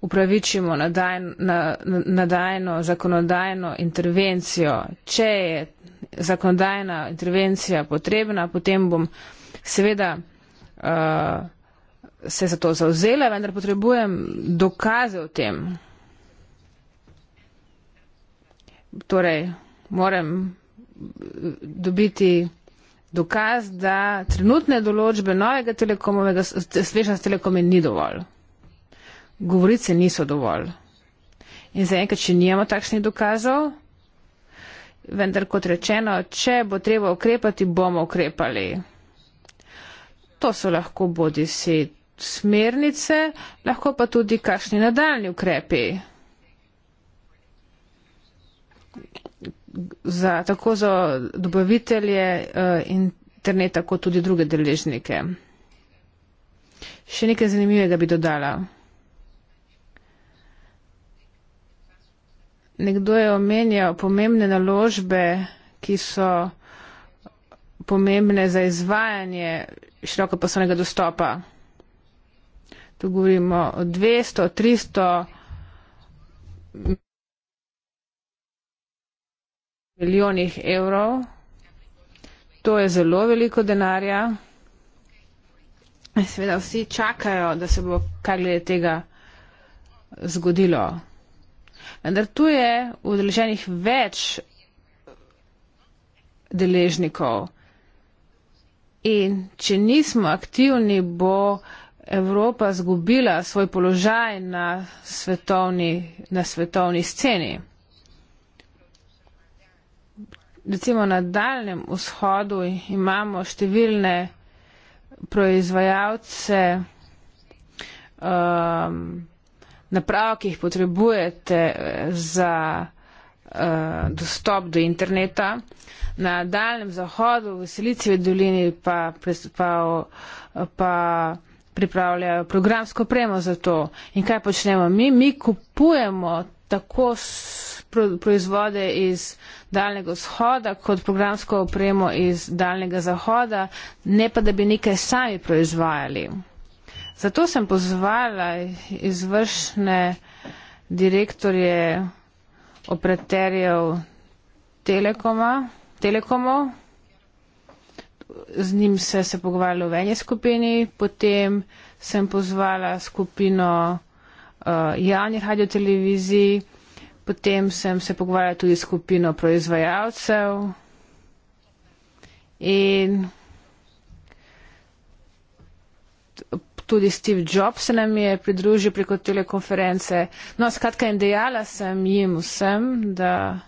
upravičimo nadaljno na, zakonodajno intervencijo. Če je zakonodajna intervencija potrebna, potem bom seveda uh, se za to zauzela, vendar potrebujem dokaze o tem torej moram eh, dobiti dokaz, da trenutne določbe novega telekomovega sveža s telekome ni dovolj. Govorice niso dovolj. In zaenkrat, če nijemo takšnih dokazov, vendar kot rečeno, če bo treba ukrepati, bomo ukrepali. To so lahko bodi si smernice, lahko pa tudi kakšni nadaljni ukrepi za, tako za dobavitelje eh, interneta, kot tudi druge deležnike. Še nekaj zanimivega bi dodala. Nekdo je omenjal pomembne naložbe, ki so pomembne za izvajanje široko poslovnega dostopa. Tu govorimo o 200, 300 milijonih evrov. To je zelo veliko denarja. Sveda vsi čakajo, da se bo kar glede tega zgodilo. Vendar tu je udeleženih več deležnikov. In če nismo aktivni, bo Evropa zgubila svoj položaj na svetovni, na svetovni sceni recimo na Daljem vzhodu imamo številne proizvajalce um, naprav, ki jih potrebujete eh, za uh, dostop do interneta. Na Daljem zahodu, v Silicijevi dolini pa, pa, pa pripravljajo programsko premo za to. In kaj počnemo mi? Mi kupujemo tako s proizvode iz daljnega vzhoda kot programsko opremo iz daljnega zahoda, ne pa da bi nekaj sami proizvajali. Zato sem pozvala izvršne direktorje operaterjev Telekomov. Z njim se je pogovarjalo v eni skupini, potem sem pozvala skupino uh, javnih radiotelevizij, Potem sem se pogovarjala tudi s skupino proizvajalcev in tudi Steve Jobs se nam je pridružil preko telekonference. No, skratka, in dejala sem jim vsem, da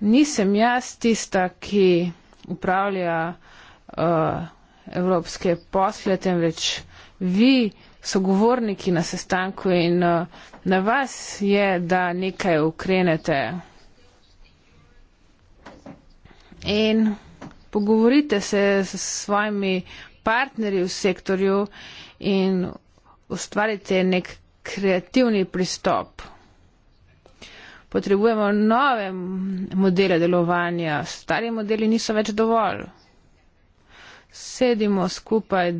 nisem jaz tista, ki upravlja uh, evropske posle, temveč vi sogovorniki na sestanku in eh, na vas je, da nekaj ukrenete. In pogovorite se s svojimi partnerji v sektorju in ustvarite nek kreativni pristop. Potrebujemo nove modele delovanja, stari modeli niso več dovolj. Sedimo skupaj,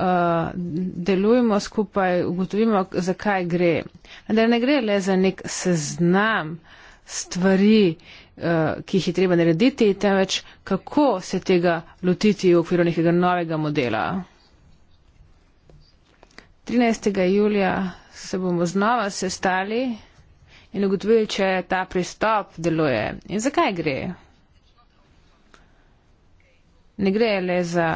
Eh, delujemo skupaj, ugotovimo, zakaj gre. Da ne gre le za nek seznam stvari, eh, ki jih je treba narediti, temveč kako se tega lotiti v okviru nekega novega modela. 13. julija se bomo znova sestali in ugotovili, če ta pristop deluje in zakaj gre. Ne gre le za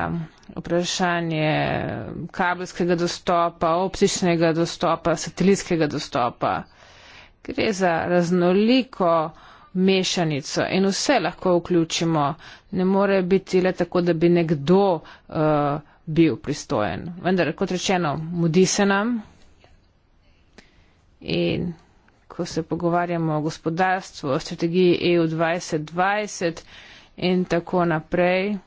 vprašanje eh, kabelskega dostopa, optičnega dostopa, satelitskega dostopa. Gre za raznoliko mešanico in vse lahko vključimo. Ne more biti le tako, da bi nekdo uh, bil pristojen. Vendar, kot rečeno, mudi se nam in ko se pogovarjamo o gospodarstvu, o strategiji EU 2020 in tako naprej.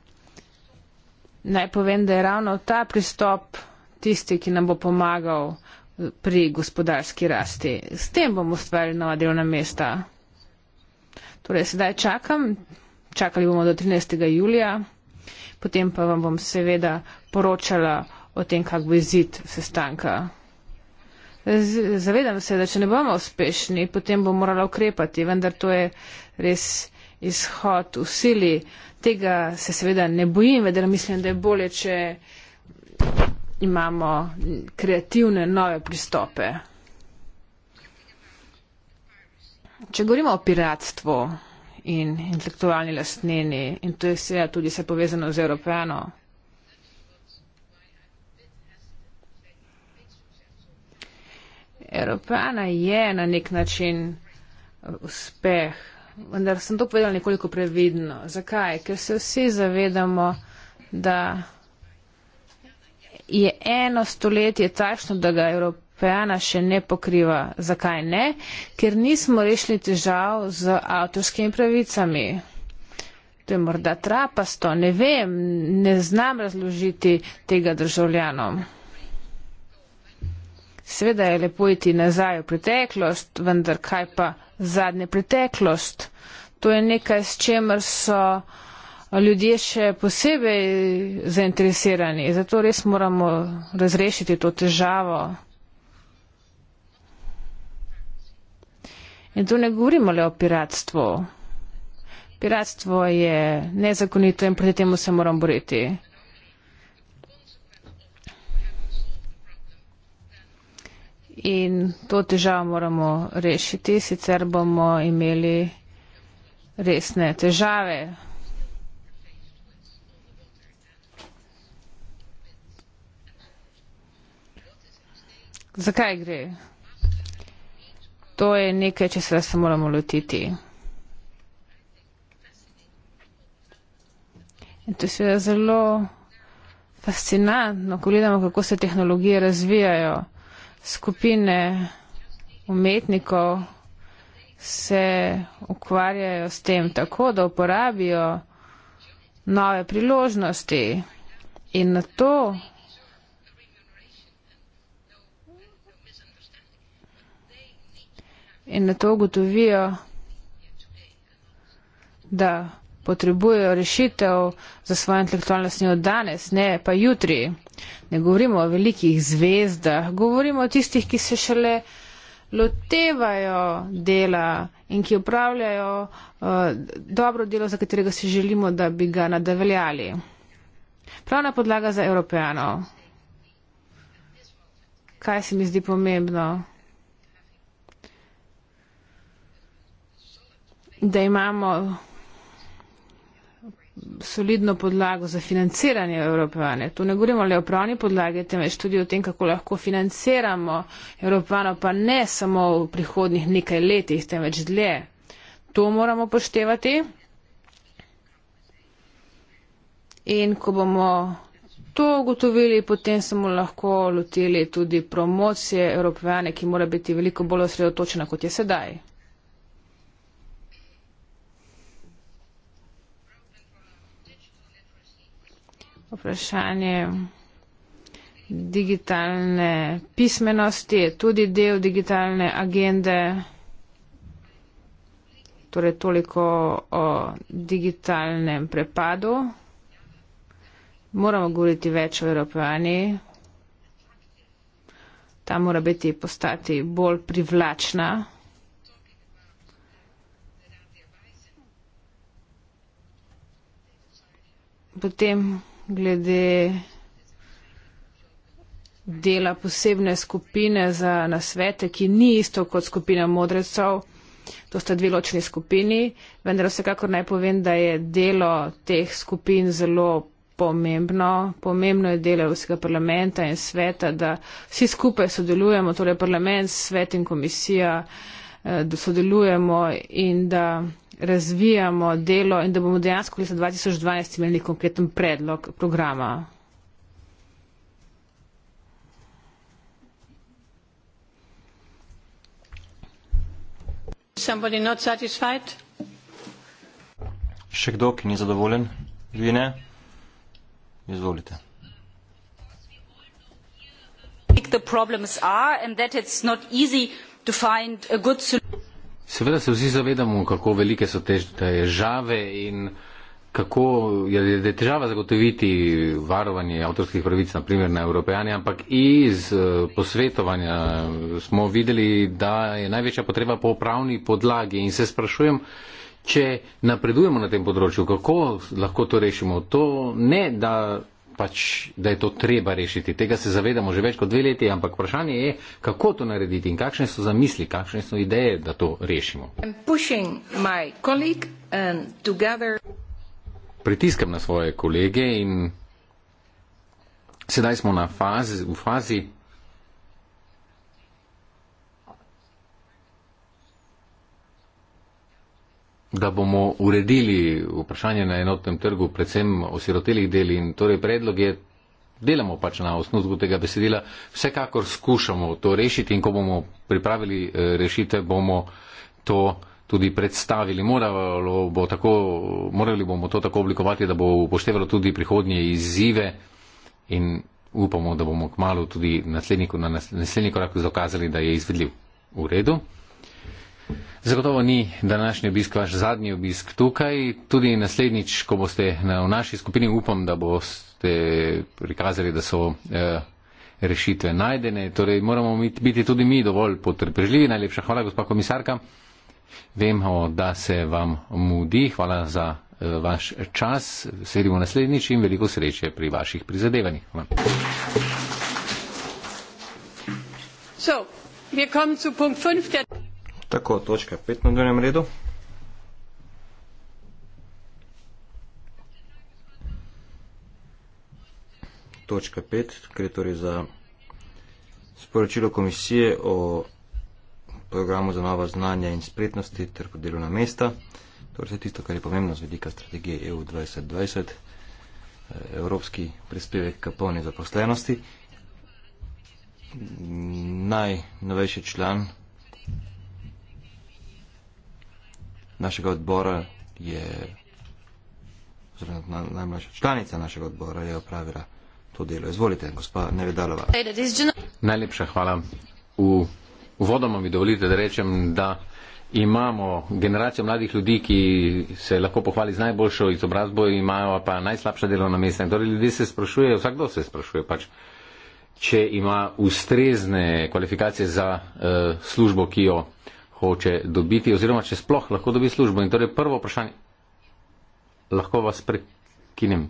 Naj povem, da je ravno ta pristop tisti, ki nam bo pomagal pri gospodarski rasti. S tem bomo ustvarili nova delovna mesta. Torej, sedaj čakam, čakali bomo do 13. julija, potem pa vam bom seveda poročala o tem, kak bo izid sestanka. Zavedam se, da če ne bomo uspešni, potem bom morala ukrepati, vendar to je res izhod v sili. Tega se seveda ne bojim, vendar mislim, da je bolje, če imamo kreativne nove pristope. Če govorimo o piratstvu in intelektualni lastnini, in to je seveda tudi se povezano z Evropejano, Evropejana je na nek način uspeh vendar sem to povedala nekoliko previdno. Zakaj? Ker se vsi zavedamo, da je eno stoletje takšno, da ga Evropejana še ne pokriva. Zakaj ne? Ker nismo rešili težav z avtorskimi pravicami. To je morda trapasto, ne vem, ne znam razložiti tega državljanom. Seveda je lepo iti nazaj v preteklost, vendar kaj pa zadnja preteklost? to je nekaj, s čemer so ljudje še posebej zainteresirani. Zato res moramo razrešiti to težavo. In tu ne govorimo le o piratstvu. Piratstvo je nezakonito in proti temu se moram boriti. In to težavo moramo rešiti, sicer bomo imeli resne težave. Zakaj gre? To je nekaj, če se se moramo lotiti. In to je seveda zelo fascinantno, ko gledamo, kako se tehnologije razvijajo. Skupine umetnikov, se ukvarjajo s tem tako, da uporabijo nove priložnosti in na to in na to ugotovijo, da potrebujejo rešitev za svoje intelektualno lastnino danes, ne pa jutri. Ne govorimo o velikih zvezdah, govorimo o tistih, ki se šele lotevajo dela in ki upravljajo uh, dobro delo, za katerega si želimo, da bi ga nadaljali. Pravna podlaga za evropejanov. Kaj se mi zdi pomembno? Da imamo solidno podlago za financiranje evropejane. Tu ne govorimo le o pravni podlagi, temveč tudi o tem, kako lahko financiramo evropejano, pa ne samo v prihodnih nekaj letih, temveč dlje. To moramo poštevati. In ko bomo to ugotovili, potem se mu lahko lotili tudi promocije evropejane, ki mora biti veliko bolj osredotočena, kot je sedaj. vprašanje digitalne pismenosti je tudi del digitalne agende. Torej toliko o digitalnem prepadu. Moramo govoriti več o Evropejani. Ta mora biti postati bolj privlačna. Potem glede dela posebne skupine za nasvete, ki ni isto kot skupina modrecov. To sta dve ločni skupini, vendar vsekakor naj povem, da je delo teh skupin zelo pomembno. Pomembno je delo vsega parlamenta in sveta, da vsi skupaj sodelujemo, torej parlament, svet in komisija. Uh, Eh, da sodelujemo in da razvijamo delo in da bomo dejansko leta 2012 imeli konkreten predlog programa. Še kdo, ki ni zadovoljen? Vi ne? Izvolite. The problems are, and that it's not easy Seveda se vsi zavedamo, kako velike so te težave in kako je, je težava zagotoviti varovanje avtorskih pravic, naprimer na Evropejani, ampak iz eh, posvetovanja smo videli, da je največja potreba po pravni podlagi in se sprašujem, če napredujemo na tem področju, kako lahko to rešimo. To ne, da pač, da je to treba rešiti. Tega se zavedamo že več kot dve leti, ampak vprašanje je, kako to narediti in kakšne so zamisli, kakšne so ideje, da to rešimo. Um, together... Pritiskam na svoje kolege in sedaj smo na fazi, v fazi. da bomo uredili vprašanje na enotnem trgu, predvsem o sirotelih deli in torej predlog je, delamo pač na osnovu tega besedila, vsekakor skušamo to rešiti in ko bomo pripravili eh, rešitev, bomo to tudi predstavili. Bo tako, morali bomo to tako oblikovati, da bo upoštevalo tudi prihodnje izzive in upamo, da bomo kmalo tudi na naslednji korak dokazali, da je izvedljiv. V redu. Zagotovo ni današnji obisk vaš zadnji obisk tukaj. Tudi naslednjič, ko boste na, v naši skupini, upam, da boste prikazali, da so eh, rešitve najdene. Torej, moramo biti tudi mi dovolj potrpežljivi. Najlepša hvala, gospa komisarka. Vemo, da se vam mudi. Hvala za eh, vaš čas. Sedimo naslednjič in veliko sreče pri vaših prizadevanjih. Hvala. So, wir kommen zu Punkt 5 der Tako, točka 5 na dnevnem redu. Točka 5, ker je torej za sporočilo komisije o programu za nova znanja in spretnosti ter podelovna mesta. Torej, tisto, kar je pomembno z vedika strategije EU 2020, evropski prispevek k polni zaposlenosti. Najnovejši član našega odbora je, oziroma najmlajša članica našega odbora je opravila to delo. Izvolite, gospa Nevedalova. Najlepša hvala. V vodoma mi dovolite, da rečem, da imamo generacijo mladih ljudi, ki se lahko pohvali z najboljšo izobrazbo, imajo pa najslabša delovna mesta. Torej ljudi se sprašuje, vsakdo se sprašuje pač če ima ustrezne kvalifikacije za uh, službo, ki jo uh, hoče dobiti oziroma če sploh lahko dobi službo. In torej prvo vprašanje, lahko vas prekinem.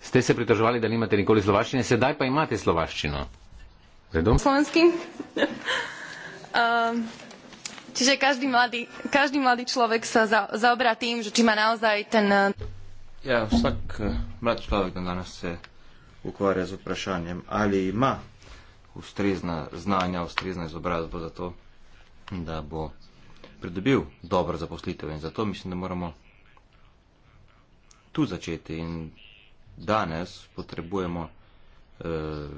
Ste se pritoževali, da nimate nikoli slovaščine, sedaj pa imate slovaščino. Redom? Slovenski. [laughs] um. Čiže každý mladý, každý mladý človek sa za, zaoberá tým, že či má naozaj ten... Eh, ja, vsak eh, mlad človek na danas se ukvarja z vprašanjem, ali ima ustrezna znanja, ustrezna izobrazba za to, da bo pridobil dobro zaposlitev in zato mislim, da moramo tu začeti in danes potrebujemo eh,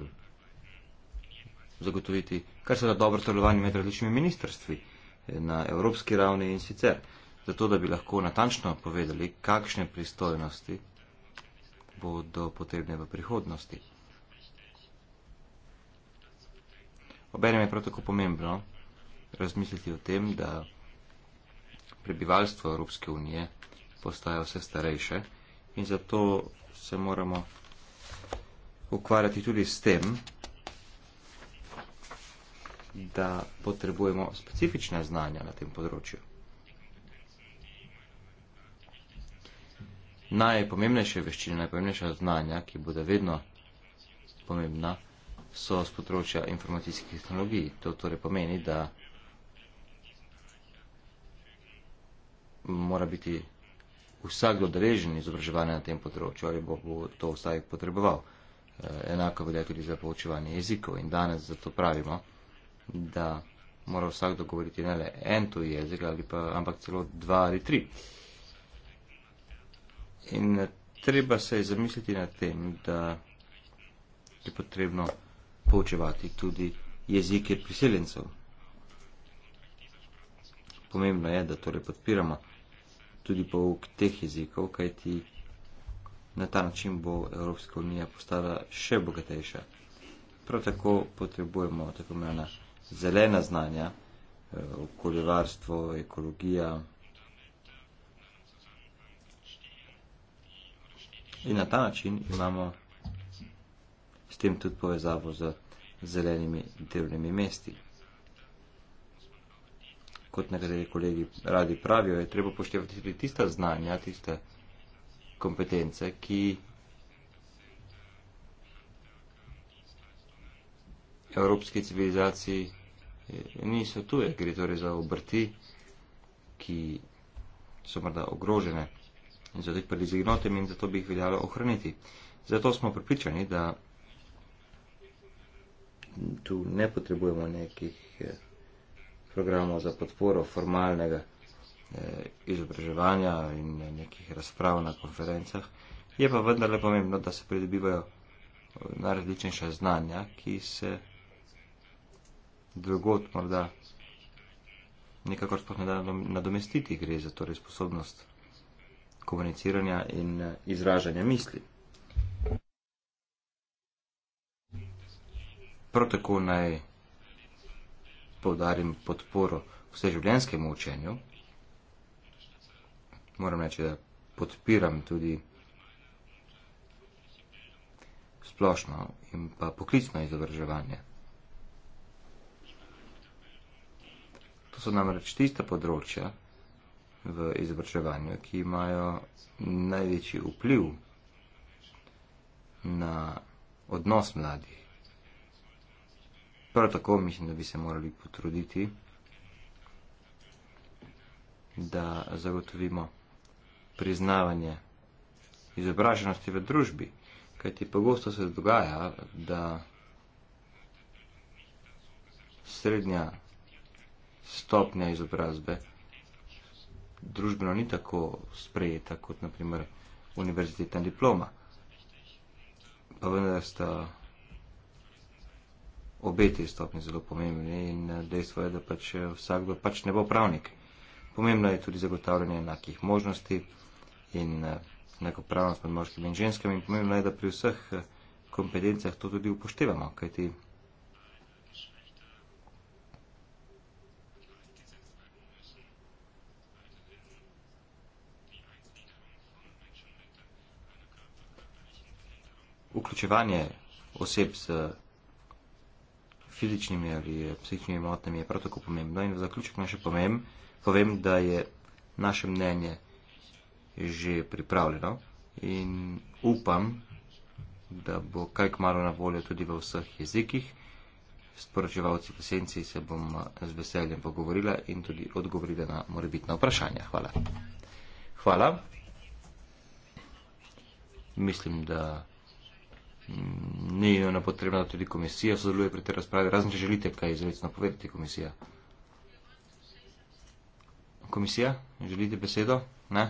zagotoviti kar se da dobro sodelovanje med različnimi ministrstvi eh, na evropski ravni in sicer, zato da bi lahko natančno povedali, kakšne pristojnosti bodo potrebne v prihodnosti. Obenem je prav tako pomembno, razmisliti o tem, da prebivalstvo Evropske unije postaja vse starejše in zato se moramo ukvarjati tudi s tem, da potrebujemo specifične znanja na tem področju. Najpomembnejše veščine, najpomembnejša znanja, ki bodo vedno pomembna, so z področja informacijskih tehnologij. To torej pomeni, da mora biti vsakdo deležen izobraževanja na tem področju ali bo, bo to vsaj potreboval. Eh, enako velja tudi za poučevanje jezikov in danes zato pravimo, da mora vsakdo govoriti ne le en tuji jezik, ali pa ampak celo dva ali tri. In eh, treba se je zamisliti na tem, da je potrebno poučevati tudi jezike priseljencev. Pomembno je, da torej podpiramo tudi pouk teh jezikov, kajti na ta način bo Evropska unija postala še bogatejša. Prav tako potrebujemo tako imena zelena znanja, eh, okoljevarstvo, ekologija in na ta način imamo s tem tudi povezavo z zelenimi delovnimi mesti kot nekateri kolegi radi pravijo, je treba poštevati tudi tista znanja, tiste kompetence, ki evropski civilizaciji eh, niso tuje, gre torej za obrti, ki so morda ogrožene in so tekpali z ignotem in zato bi jih veljalo ohraniti. Zato smo pripričani, da tu ne potrebujemo nekih eh, programov za podporo formalnega eh, izobraževanja in eh, nekih razprav na konferencah, je pa vendarle pomembno, da se pridobivajo eh, najrazličnejša znanja, ki se drugot morda nekako sploh ne da nadomestiti, gre za torej sposobnost komuniciranja in izražanja misli. Prav tako naj podarim podporo vseživljenskemu učenju. Moram reči, da podpiram tudi splošno in pa poklicno izobraževanje. To so namreč tista področja v izobraževanju, ki imajo največji vpliv na odnos mladih. Prav tako mislim, da bi se morali potruditi, da zagotovimo priznavanje izobraženosti v družbi, kajti pogosto se dogaja, da srednja stopnja izobrazbe družbeno ni tako sprejeta kot naprimer univerzitetna diploma. Pa vendar sta obe ti stopni zelo pomembni in eh, dejstvo je, da pač eh, vsakdo pač ne bo pravnik. Pomembno je tudi zagotavljanje enakih možnosti in eh, enakopravnost med moškimi in ženskami in pomembno je, da pri vseh kompetencah to tudi upoštevamo, kajti vključevanje oseb z fizičnimi ali eh, psihičnimi motnjami, je prav tako pomembno. In v zaključek naj še povem, povem, da je naše mnenje že pripravljeno in upam, da bo kaj kmalo na voljo tudi v vseh jezikih. Sporočevalci v senci se bom eh, z veseljem pogovorila in tudi odgovorila na morebitna vprašanja. Hvala. Hvala. Mislim, da ni ona potrebna, da tudi komisija sodeluje pri tej razpravi, razen če želite kaj izrecno povedati, komisija. Komisija, želite besedo? Ne?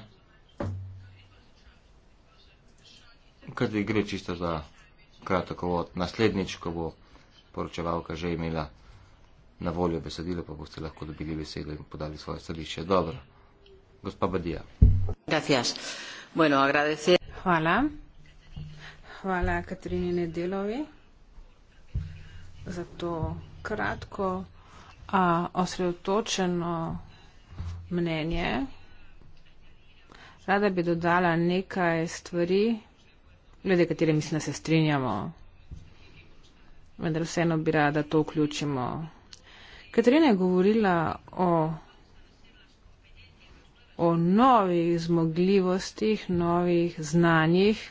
Kaj ti gre čisto za kratko, bo naslednjič, ko bo poročevalka že imela na voljo besedilo, pa boste lahko dobili besedo in podali svoje stališče. Dobro. Gospa Badija. Gracias. Bueno, agradecer. Hvala. Hvala Katarini Nedelovi za to kratko, a osredotočeno mnenje. Rada bi dodala nekaj stvari, glede katere mislim, da se strinjamo, vendar vseeno bi rada to vključimo. Katarina je govorila o, o novih zmogljivostih, novih znanjih,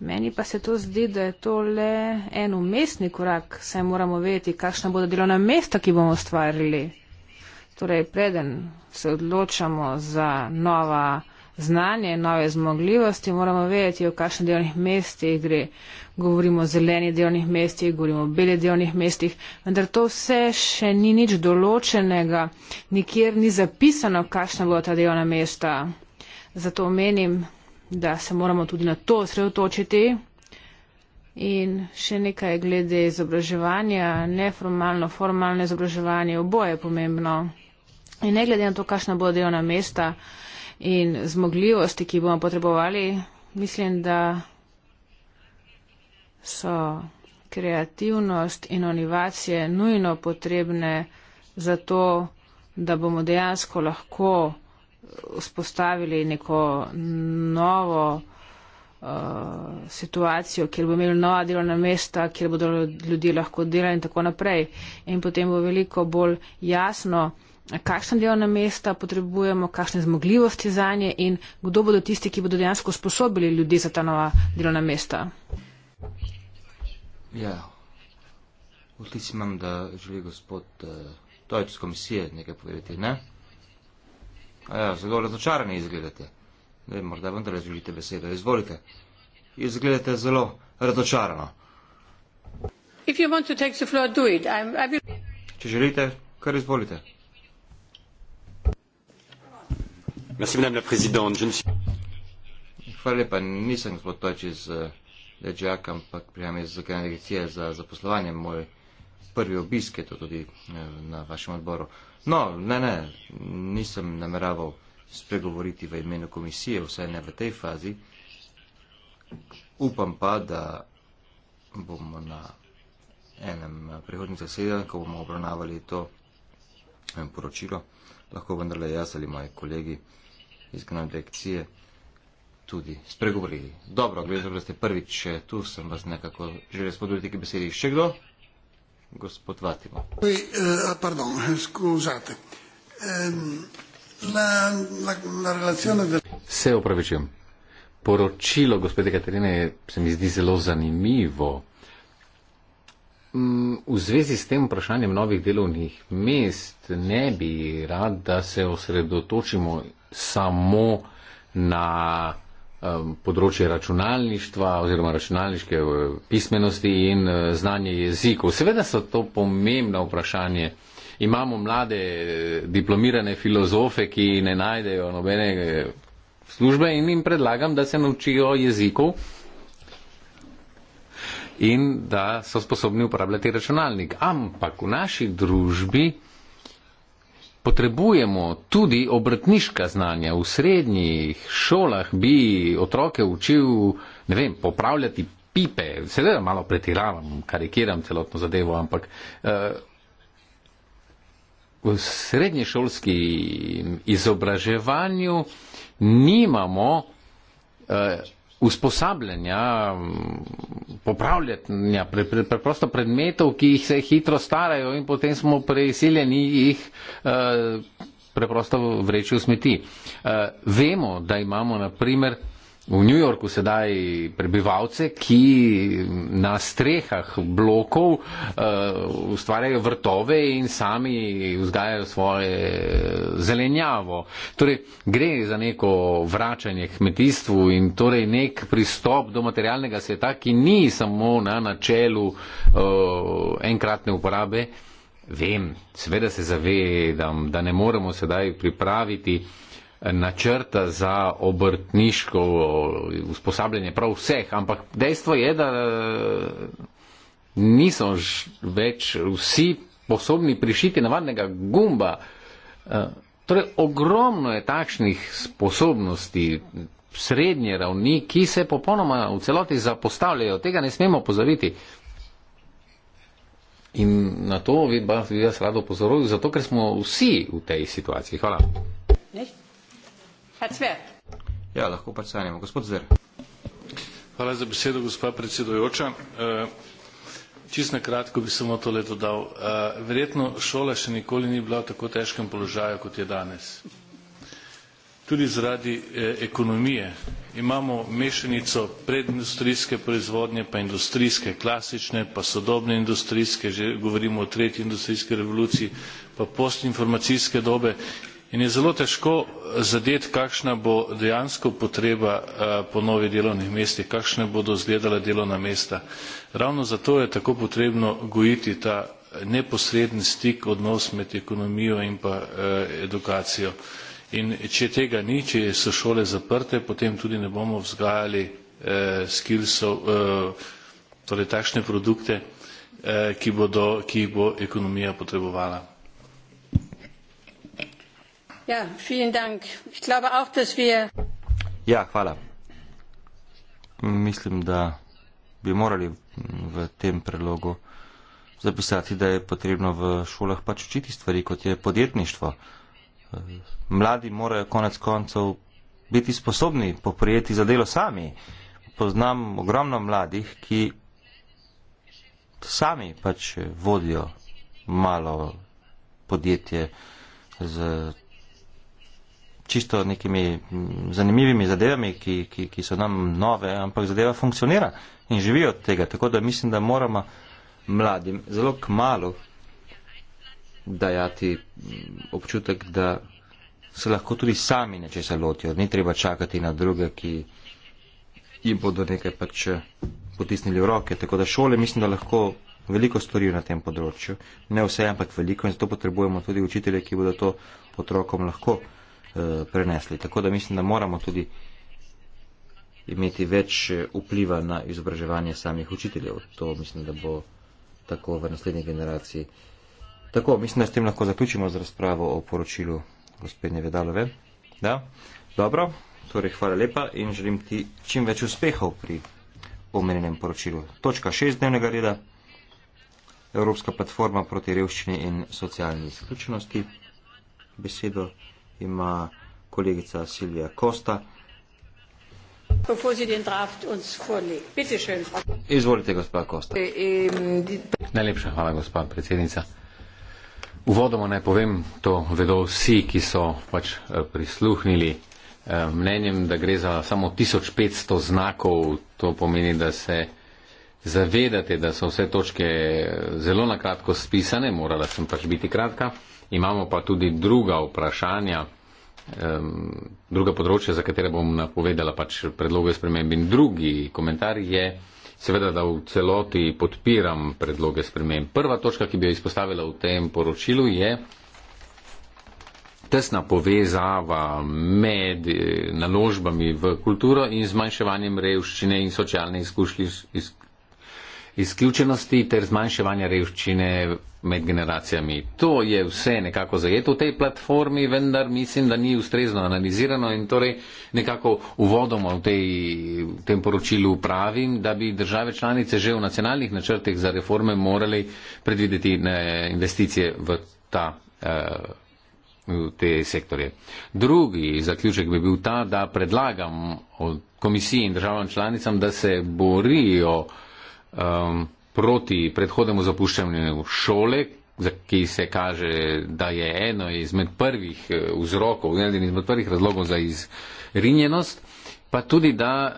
Meni pa se to zdi, da je to le en umestni korak, saj moramo vedeti, kakšna bodo delovna mesta, ki bomo ustvarili. Torej, preden se odločamo za nova znanje, nove zmogljivosti, moramo vedeti, o kakšnih delovnih mestih gre. Govorimo o zelenih delovnih mestih, govorimo o belih delovnih mestih, vendar to vse še ni nič določenega, nikjer ni zapisano, kakšna bodo ta delovna mesta. Zato menim, da se moramo tudi na to sredotočiti. In še nekaj glede izobraževanja, neformalno, formalno izobraževanje, oboje je pomembno. In ne glede na to, kakšna bodo delovna mesta in zmogljivosti, ki bomo potrebovali, mislim, da so kreativnost in inovacije nujno potrebne za to, da bomo dejansko lahko vzpostavili neko novo uh, situacijo, kjer bo imel nova delovna mesta, kjer bodo ljudje lahko delali in tako naprej. In potem bo veliko bolj jasno, kakšna delovna mesta potrebujemo, kakšne zmogljivosti za nje in kdo bodo tisti, ki bodo dejansko sposobili ljudi za ta nova delovna mesta. Ja, vtis imam, da želi gospod uh, eh, Tojc komisije nekaj povedati, ne? Ja, zelo razočarani izgledate. Ne, morda vendar razložite besedo. Izvolite. Izgledate zelo razočarano. Will... Če želite, kar izvolite. Hvala lepa, nisem gospod Toč iz eh, Leđak, ampak prijam iz Zakonodajne agencije za zaposlovanje. Moj prvi obisk je to tudi eh, na vašem odboru. No, ne, ne, nisem nameraval spregovoriti v imenu komisije, vsaj ne v tej fazi. Upam pa, da bomo na enem prihodnjem zasedanju, ko bomo obravnavali to eh, poročilo, lahko vendarle jaz ali moji kolegi iz kanalne direkcije tudi spregovorili. Dobro, gledajte, da ste prvič eh, tu, sem vas nekako želel spodobiti k besedi. Še kdo? gospod Vatima. Poi, eh, pardon, scusate. Eh, la, la, la relazione del... Se opravičujem, poročilo gospode Katarine se mi zdi zelo zanimivo. Mm, v zvezi s tem vprašanjem novih delovnih mest ne bi rad, da se osredotočimo samo na Um, področje računalništva oziroma računalniške uh, pismenosti in uh, znanje jezikov. Seveda so to pomembna vprašanje. Imamo mlade uh, diplomirane filozofe, ki ne najdejo nobene službe in jim predlagam, da se naučijo jezikov in da so sposobni uporabljati računalnik. Ampak v naši družbi potrebujemo tudi obrtniška znanja. V srednjih šolah bi otroke učil, ne vem, popravljati pipe. Seveda malo pretiravam, karikiram celotno zadevo, ampak uh, v srednješolski izobraževanju nimamo uh, usposabljanja, popravljanja, pre, pre, preprosto predmetov, ki jih se hitro starajo in potem smo prisiljeni jih eh, preprosto vreči v smeti. Eh, vemo, da imamo na primer v New Yorku sedaj prebivalce, ki na strehah blokov uh, ustvarjajo vrtove in sami vzgajajo svoje zelenjavo. Torej, gre za neko vračanje kmetijstvu in torej nek pristop do materialnega sveta, ki ni samo na načelu uh, enkratne uporabe. Vem, seveda se zavedam, da ne moremo sedaj pripraviti načrta za obrtniško usposabljanje prav vseh, ampak dejstvo je, da niso več vsi sposobni prišiti navadnega gumba. Eh, torej, ogromno je takšnih sposobnosti srednje ravni, ki se popolnoma v celoti zapostavljajo. Tega ne smemo pozaviti. In na to bi vas rado pozoril, zato ker smo vsi v tej situaciji. Hvala. Ne? Pač ja, pač hvala za besedo gospa predsedujoča e, čisto na kratko bi samo tole dodal e, verjetno šola še nikoli ni bila v tako težkem položaju kot je danes tudi zaradi e, ekonomije imamo mešanico predindustrijske proizvodnje pa industrijske klasične pa sodobne industrijske že govorimo o tretji industrijski revoluciji pa postinformacijske dobe in je zelo težko zadeti, kakšna bo dejansko potreba eh, po novi delovnih mesti, kakšne bodo izgledala delovna mesta. Ravno zato je tako potrebno gojiti ta eh, neposreden stik, odnos med ekonomijo in pa eh, edukacijo. In če tega ni, če so šole zaprte, potem tudi ne bomo vzgajali eh, skillsov, eh, torej takšne produkte, eh, ki, bodo, ki jih bo ekonomija potrebovala. Ja, ja, hvala. Mislim, da bi morali v tem predlogu zapisati, da je potrebno v šolah pač učiti stvari, kot je podjetništvo. Mladi morajo konec koncev biti sposobni poprijeti za delo sami. Poznam ogromno mladih, ki sami pač vodijo malo podjetje z čisto nekimi mm, zanimivimi zadevami, ki, ki, ki so nam nove, ampak zadeva funkcionira in živi od tega. Tako da mislim, da moramo mladim zelo k malu dajati mm, občutek, da se lahko tudi sami nečesa lotijo. Ni treba čakati na druge, ki jim bodo nekaj pač eh, potisnili v roke. Tako da šole mislim, da lahko veliko storijo na tem področju. Ne vse, ampak veliko in zato potrebujemo tudi učitelje, ki bodo to otrokom lahko. Eh, prenesli. Tako da mislim, da moramo tudi imeti več eh, vpliva na izobraževanje samih učiteljev. To mislim, da bo tako v naslednji generaciji. Tako, mislim, da s tem lahko zaključimo z razpravo o poročilu gospodine Vedalove. Da? Dobro, torej hvala lepa in želim ti čim več uspehov pri omenjenem poročilu. Točka 6 dnevnega reda, Evropska platforma proti revščini in socialni izključenosti. Besedo ima kolegica Silvija Kosta. Izvolite, gospod Kosta. Eh, Najlepša hvala, gospod predsednica. Uvodoma naj povem, to vedo vsi, ki so pač eh, prisluhnili eh, mnenjem, da gre za samo 1500 znakov, to pomeni, da se zavedate, da so vse točke zelo nakratko spisane, morala sem pač biti kratka. Imamo pa tudi druga vprašanja, um, druga področja, za katere bom napovedala pač predloge sprememb. In drugi komentar je, seveda, da v celoti podpiram predloge sprememb. Prva točka, ki bi jo izpostavila v tem poročilu, je tesna povezava med eh, naložbami v kulturo in zmanjševanjem revščine in socialne izkušnje, izključenosti ter zmanjševanja revščine med generacijami. To je vse nekako zajeto v tej platformi, vendar mislim, da ni ustrezno analizirano in torej nekako uvodoma v, tej, v tem poročilu pravim, da bi države članice že v nacionalnih načrtih za reforme morali predvideti eh, investicije v, ta, eh, v te sektorje. Drugi zaključek bi bil ta, da predlagam komisiji in državam članicam, da se borijo um, proti predhodnemu zapuščanju šole, za ki se kaže, da je eno izmed prvih eh, vzrokov, eden izmed prvih razlogov za izrinjenost, pa tudi da.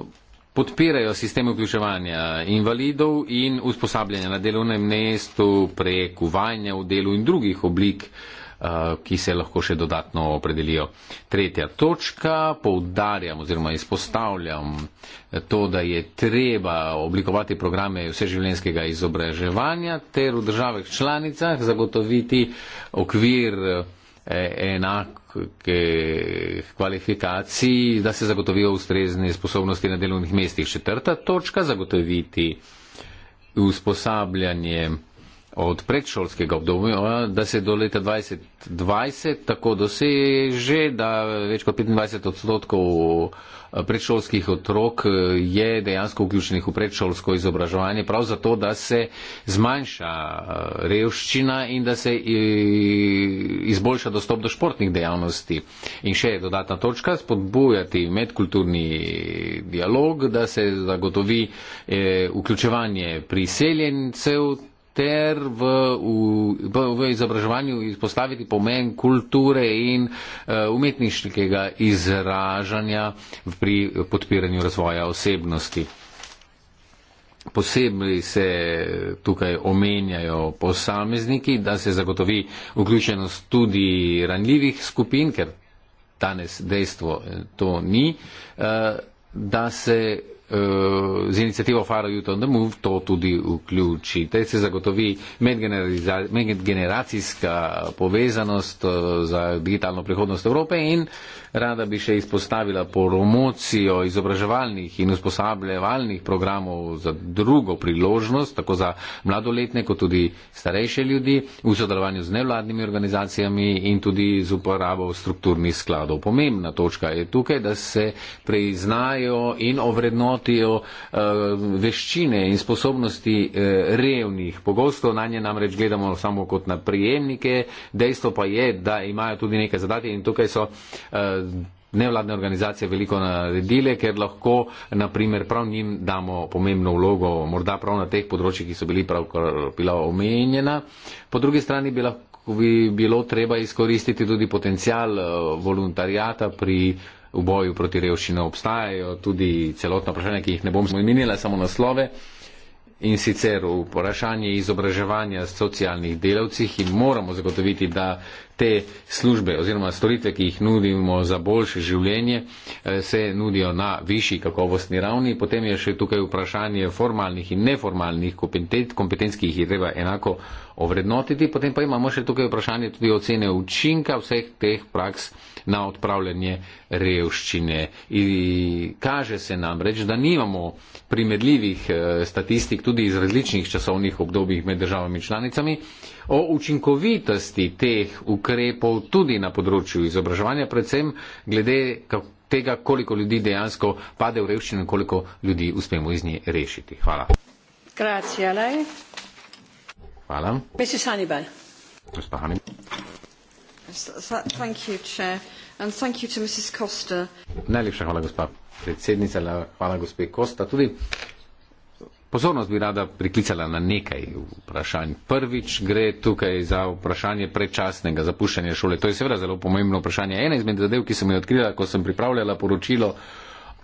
Uh, podpirajo sistem vključevanja invalidov in usposabljanja na delovnem mestu prek uvajanja v delu in drugih oblik uh, Eh, ki se lahko še dodatno opredelijo. Tretja točka, poudarjam oziroma izpostavljam eh, to, da je treba oblikovati programe vseživljenjskega izobraževanja ter v državah članicah zagotoviti okvir eh, enake kvalifikacij, da se zagotovijo ustrezne sposobnosti na delovnih mestih. Četrta točka, zagotoviti usposabljanje od predšolskega obdobja, da se do leta 2020 tako doseže, da več kot 25 odstotkov eh, predšolskih otrok eh, je dejansko vključenih v predšolsko izobraževanje, prav zato, da se zmanjša eh, revščina in da se izboljša dostop do športnih dejavnosti. In še dodatna točka, spodbujati medkulturni dialog, da se zagotovi vključevanje priseljencev ter v, v, v izobraževanju izpostaviti pomen kulture in uh, umetniškega izražanja pri podpiranju razvoja osebnosti. Posebej se tukaj omenjajo posamezniki, da se zagotovi vključenost tudi ranljivih skupin, ker danes dejstvo eh, to ni, eh, da se z inicijativo Faro Youth on the Move to tudi vključi. Te se zagotovi medgeneracijska povezanost eh, za digitalno prihodnost Evrope in rada bi še izpostavila promocijo izobraževalnih in usposabljevalnih programov za drugo priložnost, tako za mladoletne kot tudi starejše ljudi v sodelovanju z nevladnimi organizacijami in tudi z uporabo strukturnih skladov. Pomembna točka je tukaj, da se priznajo in ovrednotijo te o, o eh, veščine in sposobnosti eh, revnih. Pogosto na nje namreč gledamo samo kot na prijemnike, dejstvo pa je, da imajo tudi neke zadatke in tukaj so. O, eh, Nevladne organizacije veliko naredile, ker lahko, naprimer, prav njim damo pomembno vlogo, morda prav na teh področjih, ki so bili pravkar bila omenjena. Po drugi strani bi lahko bi bilo treba izkoristiti tudi potencial voluntarijata pri uh, v boju proti revščini obstajajo, tudi celotno vprašanje, ki jih ne bom spominjala, samo naslove. In sicer v vprašanje izobraževanja socialnih delavcih in moramo zagotoviti, da te službe oziroma storitve, ki jih nudimo za boljše življenje, eh, se nudijo na višji kakovostni ravni. Potem je še tukaj vprašanje formalnih in neformalnih kompetenc, kompetenc ki jih je treba enako ovrednotiti. Potem pa imamo še tukaj vprašanje tudi ocene učinka vseh teh praks na odpravljanje revščine. I kaže se nam reč, da nimamo primerljivih eh, statistik tudi iz različnih časovnih obdobij med državami članicami o učinkovitosti teh ukrepov tudi na področju izobraževanja, predvsem glede tega, koliko ljudi dejansko pade v revščino in koliko ljudi uspemo iz nje rešiti. Hvala. Grazie a lei. Hvala. Gospa Hanibal. Gospa Hanibal. Najlepša hvala, gospa predsednica, hvala, gospe Kosta. Tudi pozornost bi rada priklicala na nekaj vprašanj. Prvič gre tukaj za vprašanje predčasnega zapuščanja šole. To je seveda zelo pomembno vprašanje. Ena izmed zadev, ki sem jo odkrila, ko sem pripravljala poročilo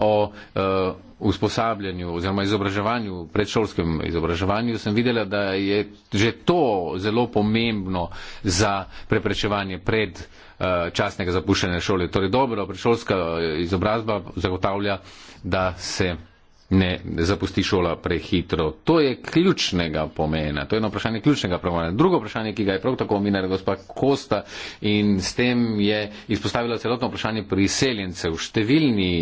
o uh, usposabljanju oziroma izobraževanju, predšolskem izobraževanju, sem videla, da je že to zelo pomembno za preprečevanje pred e, časnega zapuščanja šole. Torej dobro, predšolska izobrazba zagotavlja, da se ne zapusti šola prehitro. To je ključnega pomena, to je eno vprašanje ključnega pomena. Drugo vprašanje, ki ga je prav tako omenila gospa Kosta in s tem je izpostavila celotno vprašanje priseljencev. Številni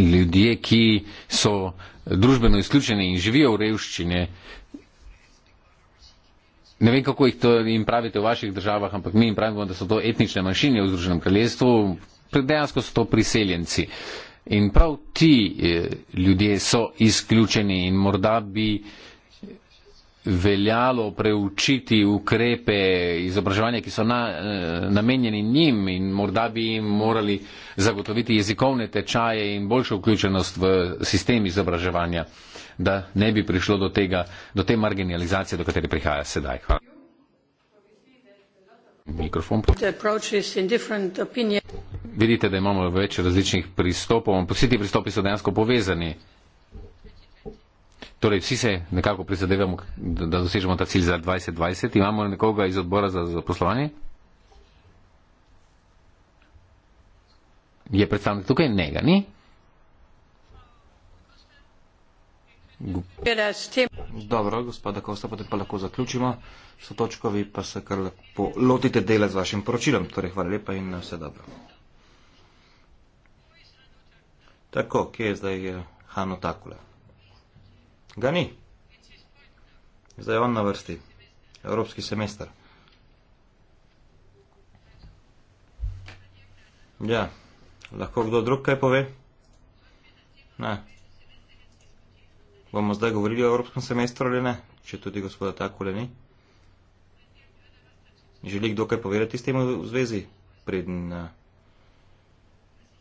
ljudje, ki so družbeno izključeni in živijo v revščini. Ne vem, kako jih to jim pravite v vaših državah, ampak mi jim pravimo, da so to etnične manjšine v Združenem kraljestvu, dejansko so to priseljenci. In prav ti eh, ljudje so izključeni in morda bi eh, veljalo preučiti ukrepe izobraževanja, ki so na, eh, namenjeni njim in morda bi jim morali zagotoviti jezikovne tečaje in boljšo vključenost v sistem izobraževanja, da ne bi prišlo do, tega, do te marginalizacije, do katere prihaja sedaj. Hvala. Mikrofon. Vidite, da imamo več različnih pristopov, ampak vsi ti pristopi so dejansko povezani. Torej, vsi se nekako prizadevamo, da, da dosežemo ta cilj za 2020. Imamo nekoga iz odbora za zaposlovanje? Je predstavnik tukaj? Ne, ga ni. Dobro, gospoda Kosta, potem pa lahko zaključimo. S točko vi pa se kar lepo lotite dela z vašim poročilom. Torej, hvala lepa in vse dobro. Tako, kje je zdaj eh, Hanno Takula? Ga ni. Zdaj je on na vrsti. Evropski semester. Ja, lahko kdo drug kaj pove? Ne. Bomo zdaj govorili o evropskem semestru ali ne, če tudi gospoda takole ni. Želi kdo kaj povedati s tem v zvezi? Pred, eh,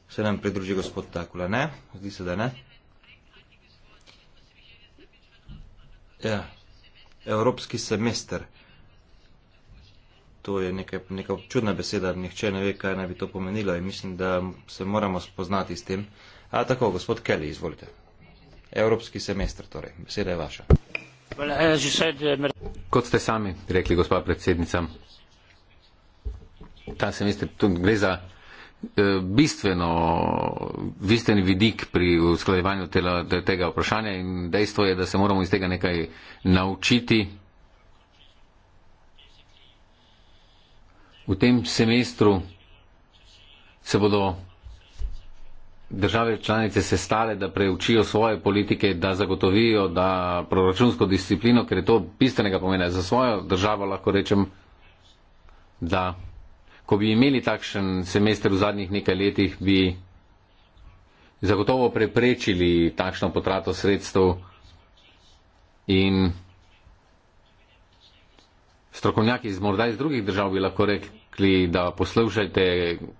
se nam pridruži gospod takole, ne? Zdi se, da ne. Ja, evropski semester. To je nekaj, neka čudna beseda, nihče ne ve, kaj naj bi to pomenilo in mislim, da se moramo spoznati s tem. A tako, gospod Kelly, izvolite. Evropski semester, torej, beseda je vaša. Uh, Kot ste sami rekli, gospod predsednica, ta semester, tu gre za Eh, bistveno, bistven vidik pri usklajevanju tega vprašanja in dejstvo je, da se moramo iz tega nekaj naučiti. V tem semestru se bodo države članice se stale, da preučijo svoje politike, da zagotovijo, da proračunsko disciplino, ker je to bistvenega pomena za svojo državo, lahko rečem, da ko bi imeli takšen semester v zadnjih nekaj letih, bi zagotovo preprečili takšno potrato sredstev in strokovnjaki iz morda iz drugih držav bi lahko rekli, da poslušajte,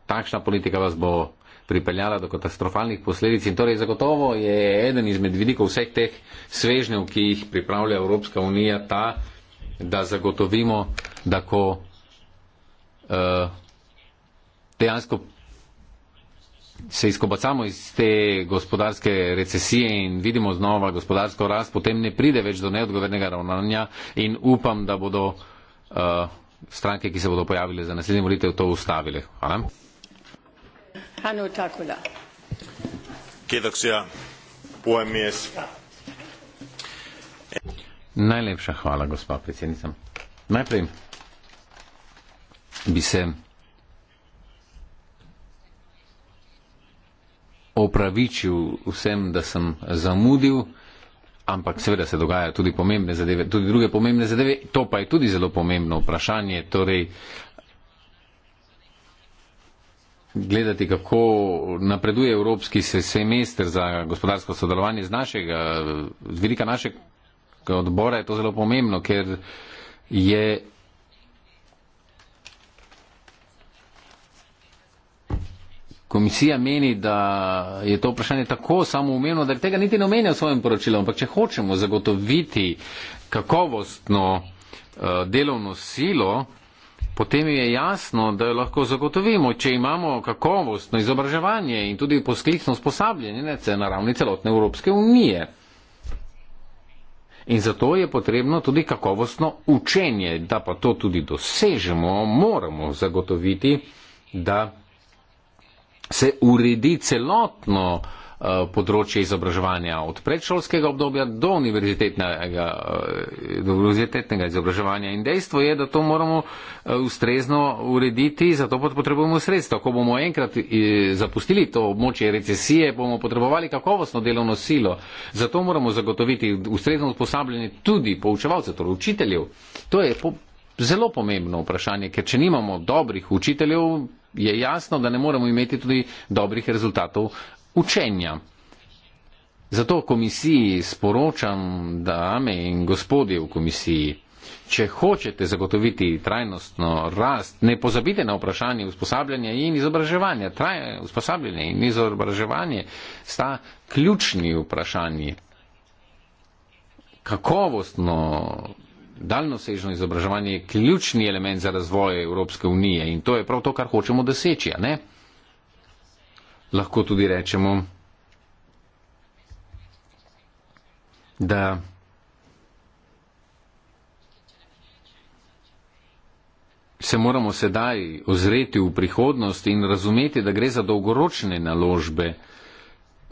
takšna politika vas bo pripeljala do katastrofalnih posledic in torej zagotovo je eden izmed vidikov vseh teh svežnjev, ki jih pripravlja Evropska unija ta, da zagotovimo, da ko uh, dejansko se izkobacamo iz te gospodarske recesije in vidimo znova gospodarsko rast, potem ne pride več do neodgovernega ravnanja in upam, da bodo uh, stranke, ki se bodo pojavile za naslednje volitev, to ustavile. Hvala. Hanu Takula. Kedoksija, puemies. Najlepša hvala, gospod predsednica. Najprej bi se opravičil vsem, da sem zamudil, ampak seveda se dogaja tudi pomembne zadeve, tudi druge pomembne zadeve, to pa je tudi zelo pomembno vprašanje, torej gledati, kako napreduje evropski semester za gospodarsko sodelovanje z našega, z velika našega odbora je to zelo pomembno, ker je komisija meni, da je to vprašanje tako samoumevno, da tega niti ne omenja v svojem poročilu, ampak če hočemo zagotoviti kakovostno eh, delovno silo, potem je jasno, da jo lahko zagotovimo, če imamo kakovostno izobraževanje in tudi posklicno usposabljanje na ravni celotne Evropske unije. In zato je potrebno tudi kakovostno učenje, da pa to tudi dosežemo, moramo zagotoviti, da se uredi celotno eh, področje izobraževanja od predšolskega obdobja do univerzitetnega, eh, do univerzitetnega izobraževanja. In dejstvo je, da to moramo eh, ustrezno urediti, zato potrebujemo sredstva. Ko bomo enkrat zapustili to območje recesije, bomo potrebovali kakovostno delovno silo. Zato moramo zagotoviti ustrezno usposabljanje tudi poučevalcev, torej učiteljev. To je po, zelo pomembno vprašanje, ker če nimamo dobrih učiteljev, je jasno, da ne moremo imeti tudi dobrih rezultatov učenja. Zato komisiji sporočam, dame in gospodje v komisiji, če hočete zagotoviti trajnostno rast, ne pozabite na vprašanje usposabljanja in izobraževanja. Trajno usposabljanje in izobraževanje sta ključni vprašanji. Kakovostno daljnosežno izobraževanje je ključni element za razvoj Evropske unije in to je prav to, kar hočemo doseči. Lahko tudi rečemo, da se moramo sedaj ozreti v prihodnost in razumeti, da gre za dolgoročne naložbe,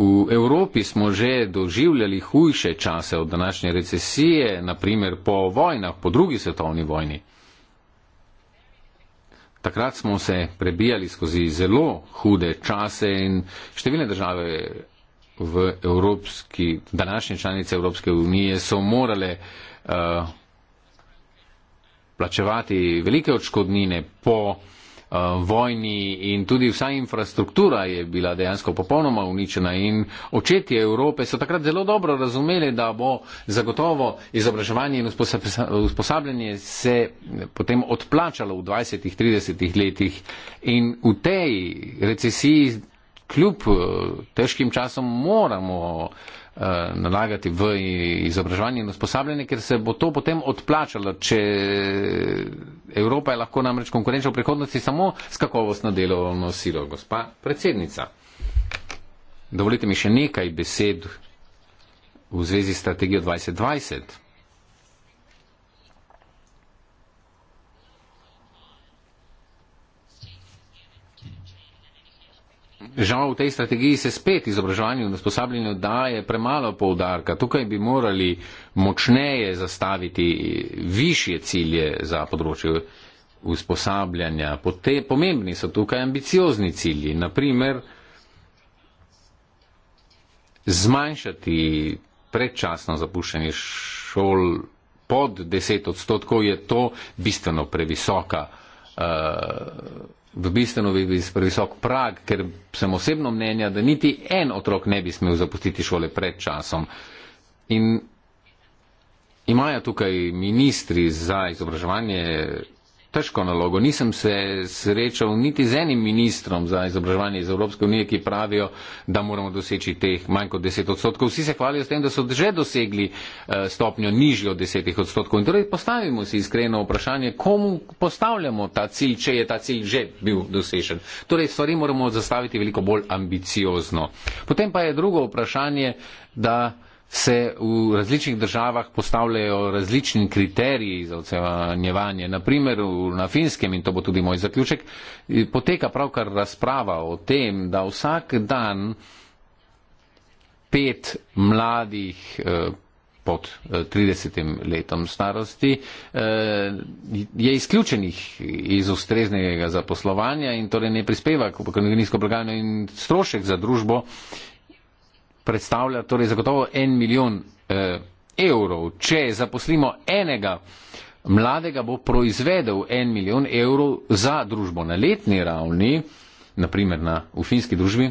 V Evropi smo že doživljali hujše čase od današnje recesije, naprimer po vojnah, po drugi svetovni vojni. Takrat smo se prebijali skozi zelo hude čase in številne države v Evropski, današnje članice Evropske unije so morale uh, plačevati velike odškodnine po uh, vojni in tudi vsa infrastruktura je bila dejansko popolnoma uničena in očetje Evrope so takrat zelo dobro razumeli, da bo zagotovo izobraževanje in usposab usposabljanje se eh, potem odplačalo v 20-30 letih in v tej recesiji kljub eh, težkim časom moramo uh, Eh, nalagati v izobraževanje in usposabljanje, ker se bo to potem odplačalo, če Evropa je lahko namreč konkurenčna v prihodnosti samo s kakovostno delovno silo. Gospa predsednica, dovolite mi še nekaj besed v zvezi s strategijo 2020. žal v tej strategiji se spet izobraževanju in usposabljanju daje premalo poudarka. Tukaj bi morali močneje zastaviti višje cilje za področje usposabljanja. Pote, pomembni so tukaj ambiciozni cilji, naprimer zmanjšati predčasno zapuščanje šol pod 10 odstotkov je to bistveno previsoka. Uh, v bistvu bi bil previsok prag, ker sem osebno mnenja, da niti en otrok ne bi smel zapustiti šole pred časom. In imajo tukaj ministri za izobraževanje težko nalogo. Nisem se srečal niti z enim ministrom za izobraževanje iz Evropske unije, ki pravijo, da moramo doseči teh manj kot 10 odstotkov. Vsi se hvalijo s tem, da so že dosegli eh, stopnjo nižjo od 10 odstotkov. In torej postavimo si iskreno vprašanje, komu postavljamo ta cilj, če je ta cilj že bil dosežen. Torej stvari moramo zastaviti veliko bolj ambiciozno. Potem pa je drugo vprašanje, da se v različnih državah postavljajo različni kriteriji za ocenjevanje. Naprimer, na finskem, in to bo tudi moj zaključek, poteka pravkar razprava o tem, da vsak dan pet mladih eh, pod 30 eh, letom starosti eh, je izključenih iz ustreznega zaposlovanja in torej ne prispeva k pokojninsko blagajno in strošek za družbo predstavlja torej zagotovo en milijon eh, evrov. Če zaposlimo enega mladega, bo proizvedel en milijon evrov za družbo na letni ravni, naprimer na, v finski družbi.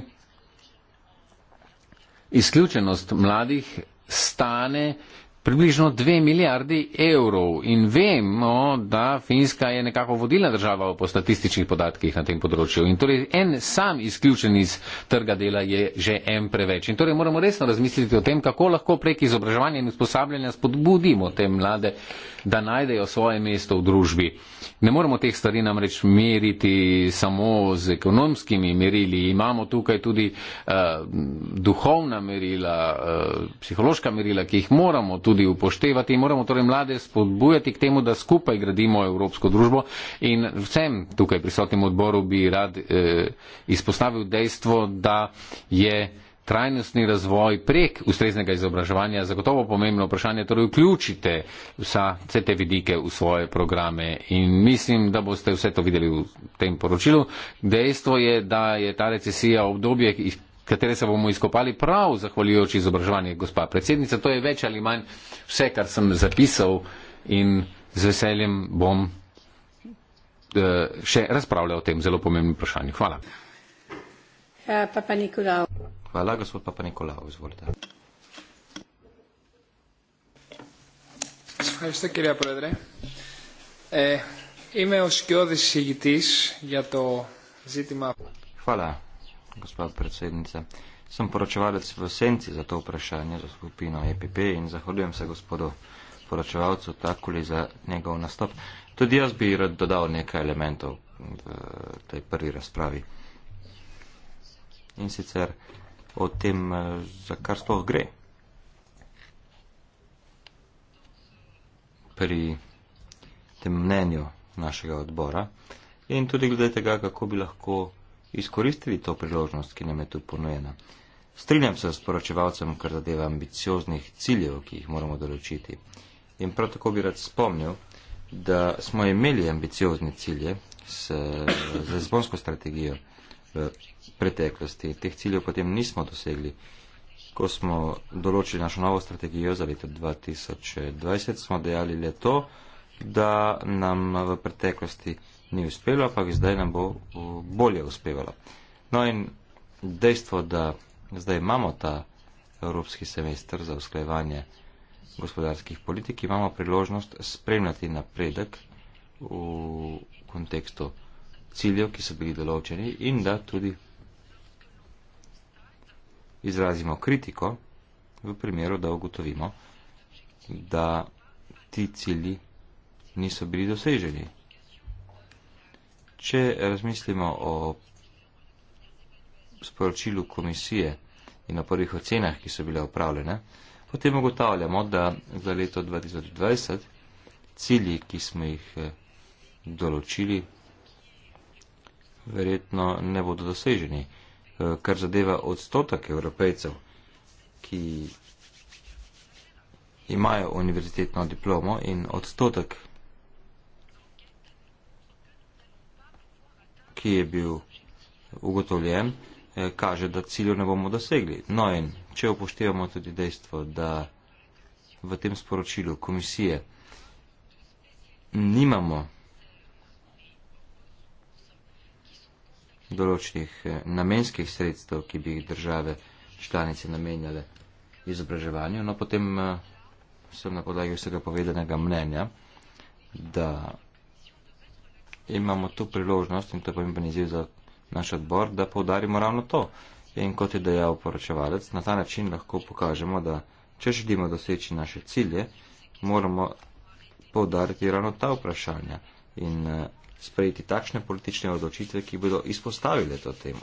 Izključenost mladih stane približno dve milijardi evrov in vemo, da Finska je nekako vodilna država po statističnih podatkih na tem področju in torej en sam izključen iz trga dela je že en preveč in torej moramo resno razmisliti o tem, kako lahko prek izobraževanja in usposabljanja spodbudimo te mlade, da najdejo svoje mesto v družbi. Ne moramo teh stvari namreč meriti samo z ekonomskimi merili, imamo tukaj tudi uh, duhovna merila, uh, psihološka merila, ki jih moramo tudi tudi upoštevati. Moramo torej mlade spodbujati k temu, da skupaj gradimo evropsko družbo in vsem tukaj prisotnim odboru bi rad eh, izpostavil dejstvo, da je trajnostni razvoj prek ustreznega izobraževanja zagotovo pomembno vprašanje, torej vključite vsa, vse te vidike v svoje programe in mislim, da boste vse to videli v tem poročilu. Dejstvo je, da je ta recesija obdobje, ki katere se bomo izkopali prav zahvaljujoč izobraževanju gospa predsednica. To je več ali manj vse, kar sem zapisal in z veseljem bom eh, še razpravljal o tem zelo pomembnem vprašanju. Hvala. Ja, Hvala, gospod Papa Nikolao. Izvolite. Ευχαριστώ κυρία Πρόεδρε. Ε, είμαι ο σκιώδης συγητής για το ζήτημα. Ευχαριστώ gospa predsednica. Sem poročevalec v senci za to vprašanje za skupino EPP in zahvaljujem se gospodu poročevalcu Takuli za njegov nastop. Tudi jaz bi rad dodal nekaj elementov v tej prvi razpravi. In sicer o tem, za kar sploh gre. Pri tem mnenju našega odbora in tudi glede tega, kako bi lahko izkoristili to priložnost, ki nam je tu ponujena. Strinjam se s poročevalcem, kar zadeva ambicioznih ciljev, ki jih moramo določiti. In prav tako bi rad spomnil, da smo imeli ambiciozne cilje s, z zvonsko strategijo v preteklosti. Teh ciljev potem nismo dosegli. Ko smo določili našo novo strategijo za leto 2020, smo dejali le to, da nam v preteklosti ni uspelo, ampak zdaj nam bo bolje uspevalo. No in dejstvo, da zdaj imamo ta evropski semester za usklajevanje gospodarskih politik, imamo priložnost spremljati napredek v kontekstu ciljev, ki so bili določeni in da tudi izrazimo kritiko v primeru, da ugotovimo, da ti cilji niso bili doseženi Če razmislimo o sporočilu komisije in o prvih ocenah, ki so bile upravljene, potem ugotavljamo, da za leto 2020 cilji, ki smo jih eh, določili, verjetno ne bodo doseženi. Eh, kar zadeva odstotek evropejcev, ki imajo univerzitetno diplomo in odstotek ki je bil ugotovljen, eh, kaže, da ciljev ne bomo dosegli. No in če upoštevamo tudi dejstvo, da v tem sporočilu komisije nimamo določenih eh, namenskih sredstev, ki bi jih države članice namenjale izobraževanju, no potem eh, sem na podlagi vsega povedanega mnenja, da imamo tu priložnost in to je pomemben izziv za naš odbor, da povdarimo ravno to. In kot je dejal poročevalec, na ta način lahko pokažemo, da če želimo doseči naše cilje, moramo povdariti ravno ta vprašanja in eh, sprejeti takšne politične odločitve, ki bodo izpostavile to temo.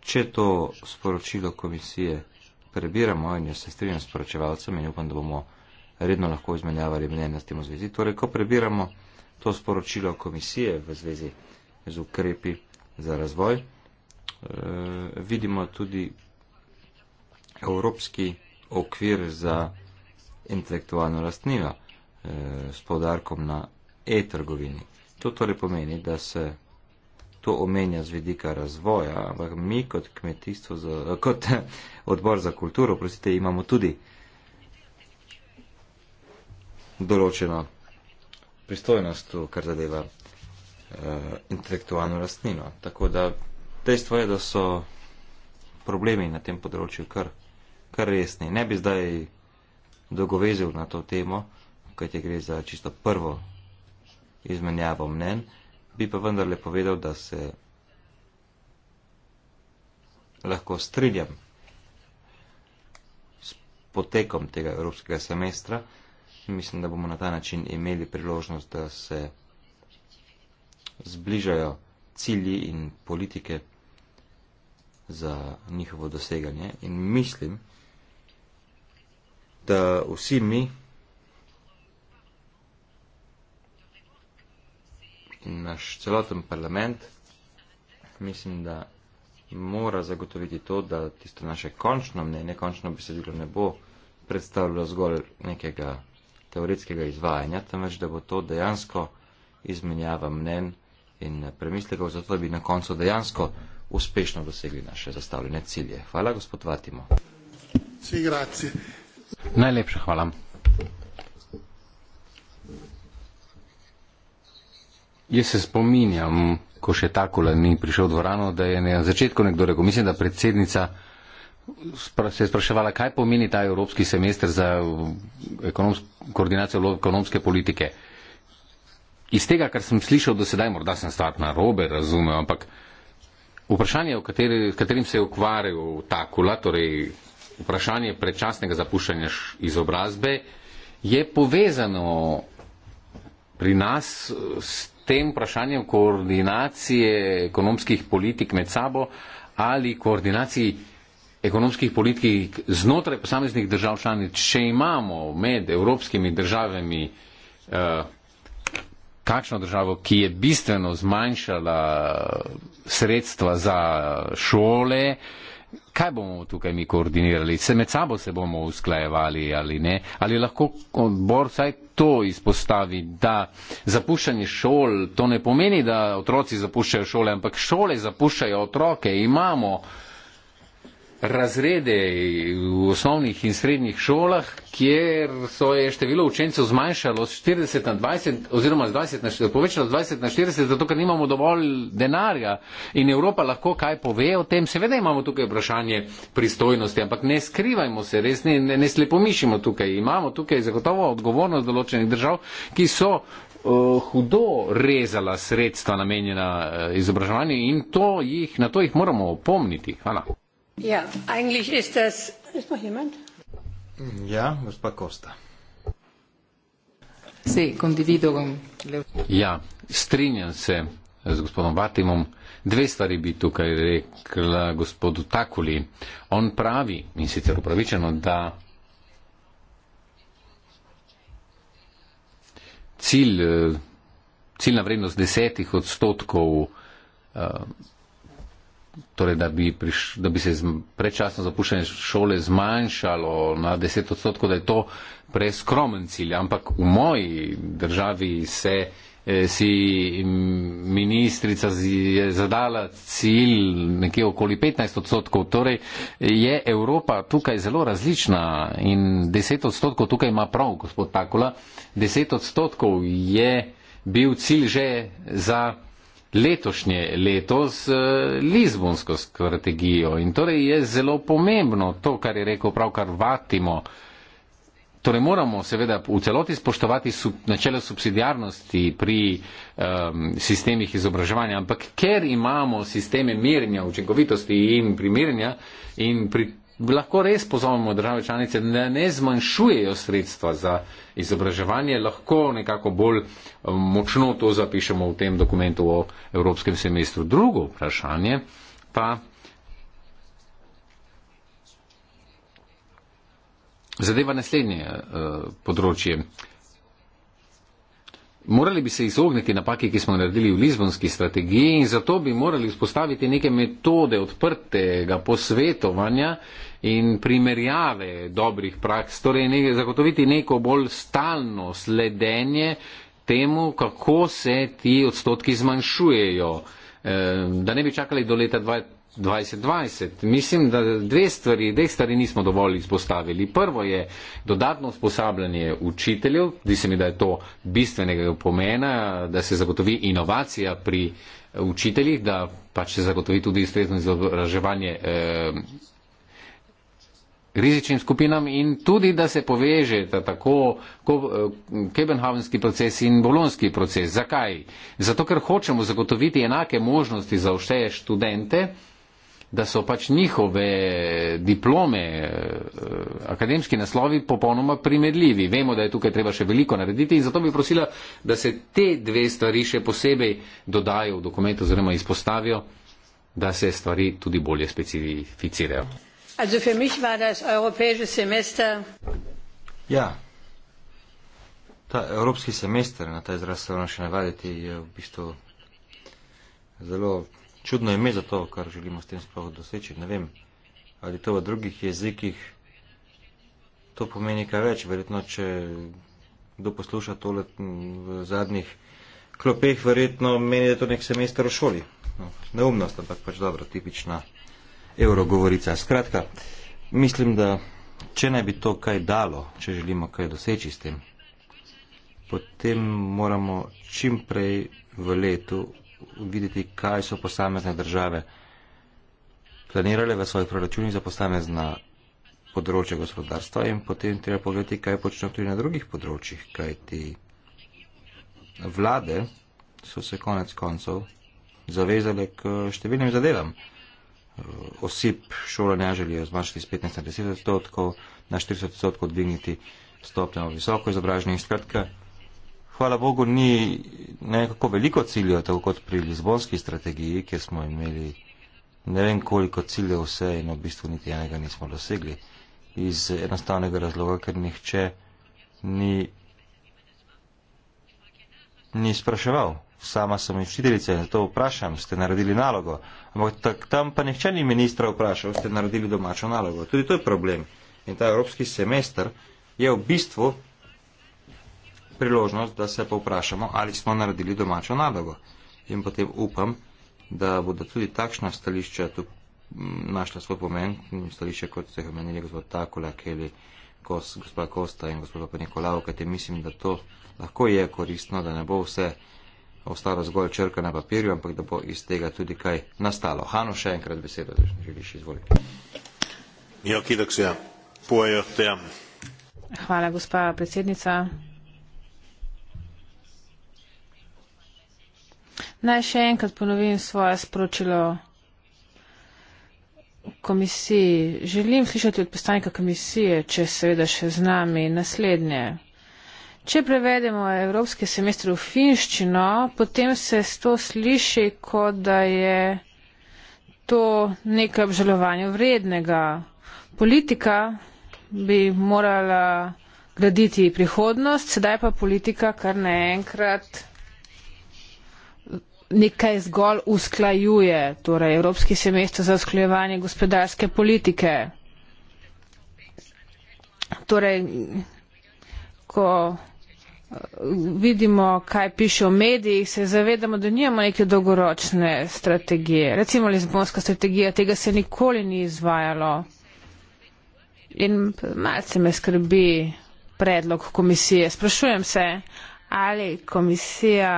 Če to sporočilo komisije prebiramo in jo se strinjam s poročevalcem in upam, da bomo redno lahko izmenjavali mnenja s tem v zvezi. Torej, ko prebiramo to sporočilo komisije v zvezi z ukrepi za razvoj, eh, vidimo tudi evropski okvir za intelektualno lastnino eh, s podarkom na e-trgovini. To torej pomeni, da se to omenja z vidika razvoja, ampak mi kot, za, kot [laughs] odbor za kulturo prosite, imamo tudi eh, določeno pristojnost, kar zadeva uh, intelektualno lastnino. Tako da dejstvo je, da so problemi na tem področju kar, kar resni. Ne bi zdaj dogovezil na to temo, kaj te gre za čisto prvo izmenjavo mnen, bi pa vendarle povedal, da se lahko strinjam s potekom tega evropskega semestra, mislim, da bomo na ta način imeli priložnost, da se zbližajo cilji in politike za njihovo doseganje. In mislim, da vsi mi in naš celoten parlament, mislim, da mora zagotoviti to, da tisto naše končno mnenje, končno besedilo ne bo predstavljalo zgolj nekega teoretskega izvajanja, temveč da bo to dejansko izmenjava mnen in premislekov, zato da bi na koncu dejansko uspešno dosegli naše zastavljene cilje. Hvala, gospod Vatimo. Si, grazie. Najlepša hvala. Jaz se spominjam, ko še takole ni prišel v dvorano, da je na začetku nekdo rekel, mislim, da predsednica se je spraševala, kaj pomeni ta evropski semester za ekonoms, koordinacijo ekonomske politike. Iz tega, kar sem slišal do sedaj, morda sem stvar na robe razumel, ampak vprašanje, s katerim se je ukvarjal ta kula, torej vprašanje predčasnega zapuščanja izobrazbe, je povezano pri nas s tem vprašanjem koordinacije ekonomskih politik med sabo ali koordinaciji ekonomskih politik znotraj posameznih držav članic, če imamo med evropskimi državami eh, kakšno državo, ki je bistveno zmanjšala sredstva za šole, kaj bomo tukaj mi koordinirali? Se med sabo se bomo usklajevali ali ne? Ali lahko odbor vsaj to izpostavi, da zapuščanje šol, to ne pomeni, da otroci zapuščajo šole, ampak šole zapuščajo otroke. Imamo razrede v osnovnih in srednjih šolah, kjer so je število učencev zmanjšalo z 40 na 20 oziroma z 20 na, povečalo z 20 na 40, zato ker nimamo dovolj denarja in Evropa lahko kaj pove o tem. Seveda imamo tukaj vprašanje pristojnosti, ampak ne skrivajmo se, res ne, ne, ne slepomišimo tukaj. Imamo tukaj zagotovo odgovornost določenih držav, ki so eh, hudo rezala sredstva namenjena eh, izobraževanju in to jih, na to jih moramo opomniti. Hvala. Ja, eigentlich ist das. Ist noch jemand? Ja, gospa Costa. Ja, strinjam se z gospodom Vatimom. Dve stvari bi tukaj rekla gospodu Takuli. On pravi, in sicer upravičeno, da cilj, eh, ciljna vrednost desetih odstotkov uh, torej da, bi priš, da bi se predčasno zapuščanje šole zmanjšalo na 10 odstotkov, da je to preskromen cilj. Ampak v moji državi se eh, si ministrica zadala cilj nekje okoli 15 odstotkov. Torej je Evropa tukaj zelo različna in 10 odstotkov tukaj ima prav, gospod Takula. 10 odstotkov je bil cilj že za letošnje leto z eh, Lizbonsko strategijo. In torej je zelo pomembno to, kar je rekel pravkar Vatimo. Torej moramo seveda v celoti spoštovati sub, načelo subsidijarnosti pri um, sistemih izobraževanja, ampak ker imamo sisteme merjenja učinkovitosti in primerjanja in pri, lahko res pozovemo države članice, da ne zmanjšujejo sredstva za izobraževanje, lahko nekako bolj eh, močno to zapišemo v tem dokumentu o evropskem semestru. Drugo vprašanje pa zadeva naslednje eh, področje. Morali bi se izogniti napaki, ki smo naredili v Lizbonski strategiji in zato bi morali vzpostaviti neke metode odprtega posvetovanja in primerjave dobrih praks, torej nekaj, zagotoviti neko bolj stalno sledenje temu, kako se ti odstotki zmanjšujejo, eh, da ne bi čakali do leta 2020. Mislim, da dve stvari, dveh stvari nismo dovolj izpostavili. Prvo je dodatno usposabljanje učiteljev, zdi se mi, da je to bistvenega pomena, da se zagotovi inovacija pri učiteljih, da pa če zagotovi tudi ustrezno izobraževanje eh, rizičnim skupinam in tudi, da se poveže ta tako eh, kebenhavenski proces in bolonski proces. Zakaj? Zato, ker hočemo zagotoviti enake možnosti za vse študente, da so pač njihove diplome, eh, akademski naslovi popolnoma primerljivi. Vemo, da je tukaj treba še veliko narediti in zato bi prosila, da se te dve stvari še posebej dodajo v dokument oziroma izpostavijo, da se stvari tudi bolje specificirajo. Also für mich war das europäische Semester. Ja. Ta evropski semester, na ta izraz se vam še navaditi, je v bistvu zelo čudno ime za to, kar želimo s tem sploh doseči. Ne vem, ali to v drugih jezikih to pomeni kaj več. Verjetno, če kdo posluša tole v zadnjih klopeh, verjetno meni, da je to nek semester v šoli. No, neumnost, ampak pač dobro, tipična evrogovorica. Skratka, mislim, da če ne bi to kaj dalo, če želimo kaj doseči s tem, potem moramo čim prej v letu videti, kaj so posamezne države planirale v svojih proračunih za posamezna področja gospodarstva in potem treba pogledati, kaj počnejo tudi na drugih področjih, kaj ti vlade so se konec koncov zavezale k številnim zadevam. Eh, oseb šolanja želijo zmanjšati z 15 na 10 odstotkov, na 40 odstotkov dvigniti stopnjo visoko izobraženih. Skratka, hvala Bogu, ni nekako veliko ciljev, tako kot pri Lizbonski strategiji, kjer smo imeli ne vem koliko ciljev vse in v bistvu niti enega nismo dosegli. Iz enostavnega razloga, ker nihče ni, ni spraševal. Sama sem učiteljica, zato vprašam, ste naredili nalogo. Ampak tak, tam pa nihče ni ministra vprašal, ste naredili domačo nalogo. Tudi to je problem. In ta evropski semester je v bistvu priložnost, da se pa vprašamo, ali smo naredili domačo nalogo. In potem upam, da bodo tudi takšna stališča tu našla svoj pomen, stališče, kot ste jih omenili, gospod Takula, Keli, Kos, gospod Kosta in gospod Nikolao, kajte mislim, da to lahko je koristno, da ne bo vse ostalo zgolj črka na papirju, ampak da bo iz tega tudi kaj nastalo. Hanu, še enkrat besedo, da želiš izvoliti. Ja, kidak se, pojejo te. Hvala, gospa predsednica. Naj še enkrat ponovim svoje sporočilo komisiji. Želim slišati od predstavnika komisije, če seveda še z nami naslednje. Če prevedemo evropski semester v finščino, potem se to sliši, kot da je to nekaj obžalovanja vrednega. Politika bi morala graditi prihodnost, sedaj pa politika kar naenkrat nekaj zgolj usklajuje, torej Evropski semester za usklajevanje gospodarske politike. Torej, ko vidimo, kaj piše v medijih, se zavedamo, da nijemo neke dolgoročne strategije. Recimo Lizbonska strategija, tega se nikoli ni izvajalo. In malce me skrbi predlog komisije. Sprašujem se, ali komisija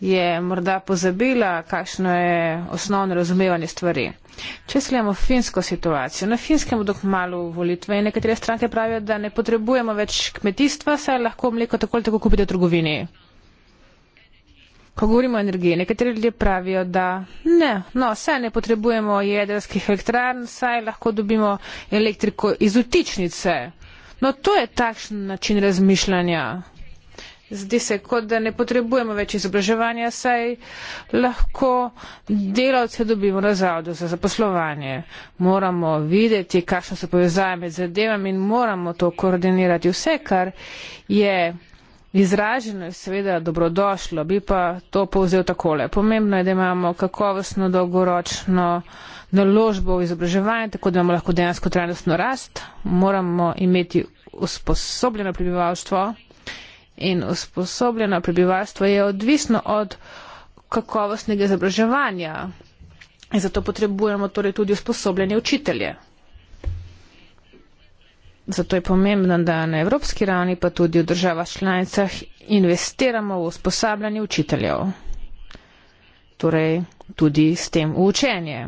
je morda pozabila, kakšno je osnovno razumevanje stvari. Če sledimo finsko situacijo, na finskem bodo kmalo volitve in nekatere stranke pravijo, da ne potrebujemo več kmetijstva, saj lahko mleko tako ali tako kupite v trgovini. Ko govorimo o energiji, nekateri ljudje pravijo, da ne, no, saj ne potrebujemo jedrskih elektrarn, saj lahko dobimo elektriko iz utičnice. No, to je takšen način razmišljanja. Zdi se, kot da ne potrebujemo več izobraževanja, saj lahko delavce dobimo na zavodu za zaposlovanje. Moramo videti, kakšne so povezave med zadevami in moramo to koordinirati. Vse, kar je izraženo, je seveda dobrodošlo. Bi pa to povzel takole. Pomembno je, da imamo kakovostno dolgoročno naložbo v izobraževanje, tako da imamo lahko dejansko trajnostno rast. Moramo imeti usposobljeno prebivalstvo in usposobljeno prebivalstvo je odvisno od kakovostnega izobraževanja. In zato potrebujemo torej tudi usposobljene učitelje. Zato je pomembno, da na evropski ravni pa tudi v državah članicah investiramo v usposabljanje učiteljev. Torej tudi s tem v učenje.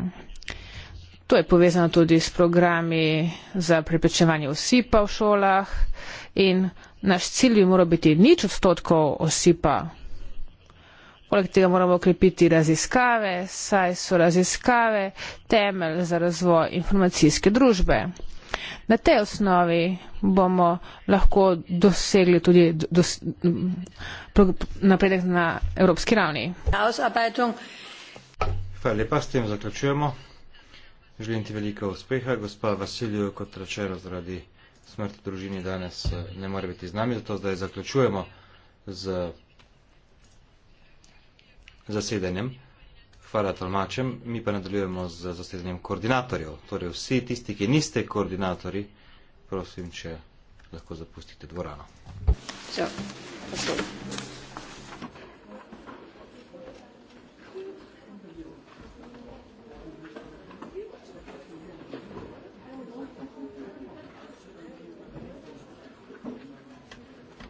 To je povezano tudi s programi za preprečevanje osipa v šolah in naš cilj bi moral biti nič odstotkov osipa. Poleg tega moramo okrepiti raziskave, saj so raziskave temelj za razvoj informacijske družbe. Na tej osnovi bomo lahko dosegli tudi dos, napredek na evropski ravni. Hvala lepa, s tem zaključujemo. Želim ti veliko uspeha, gospa Vasilijo, kot rečeno zaradi smrti družini danes eh, ne more biti z nami, zato zdaj zaključujemo z zasedanjem. Hvala tolmačem, mi pa nadaljujemo z zasedanjem koordinatorjev. Torej vsi tisti, ki niste koordinatori, prosim, če lahko zapustite dvorano. Ja,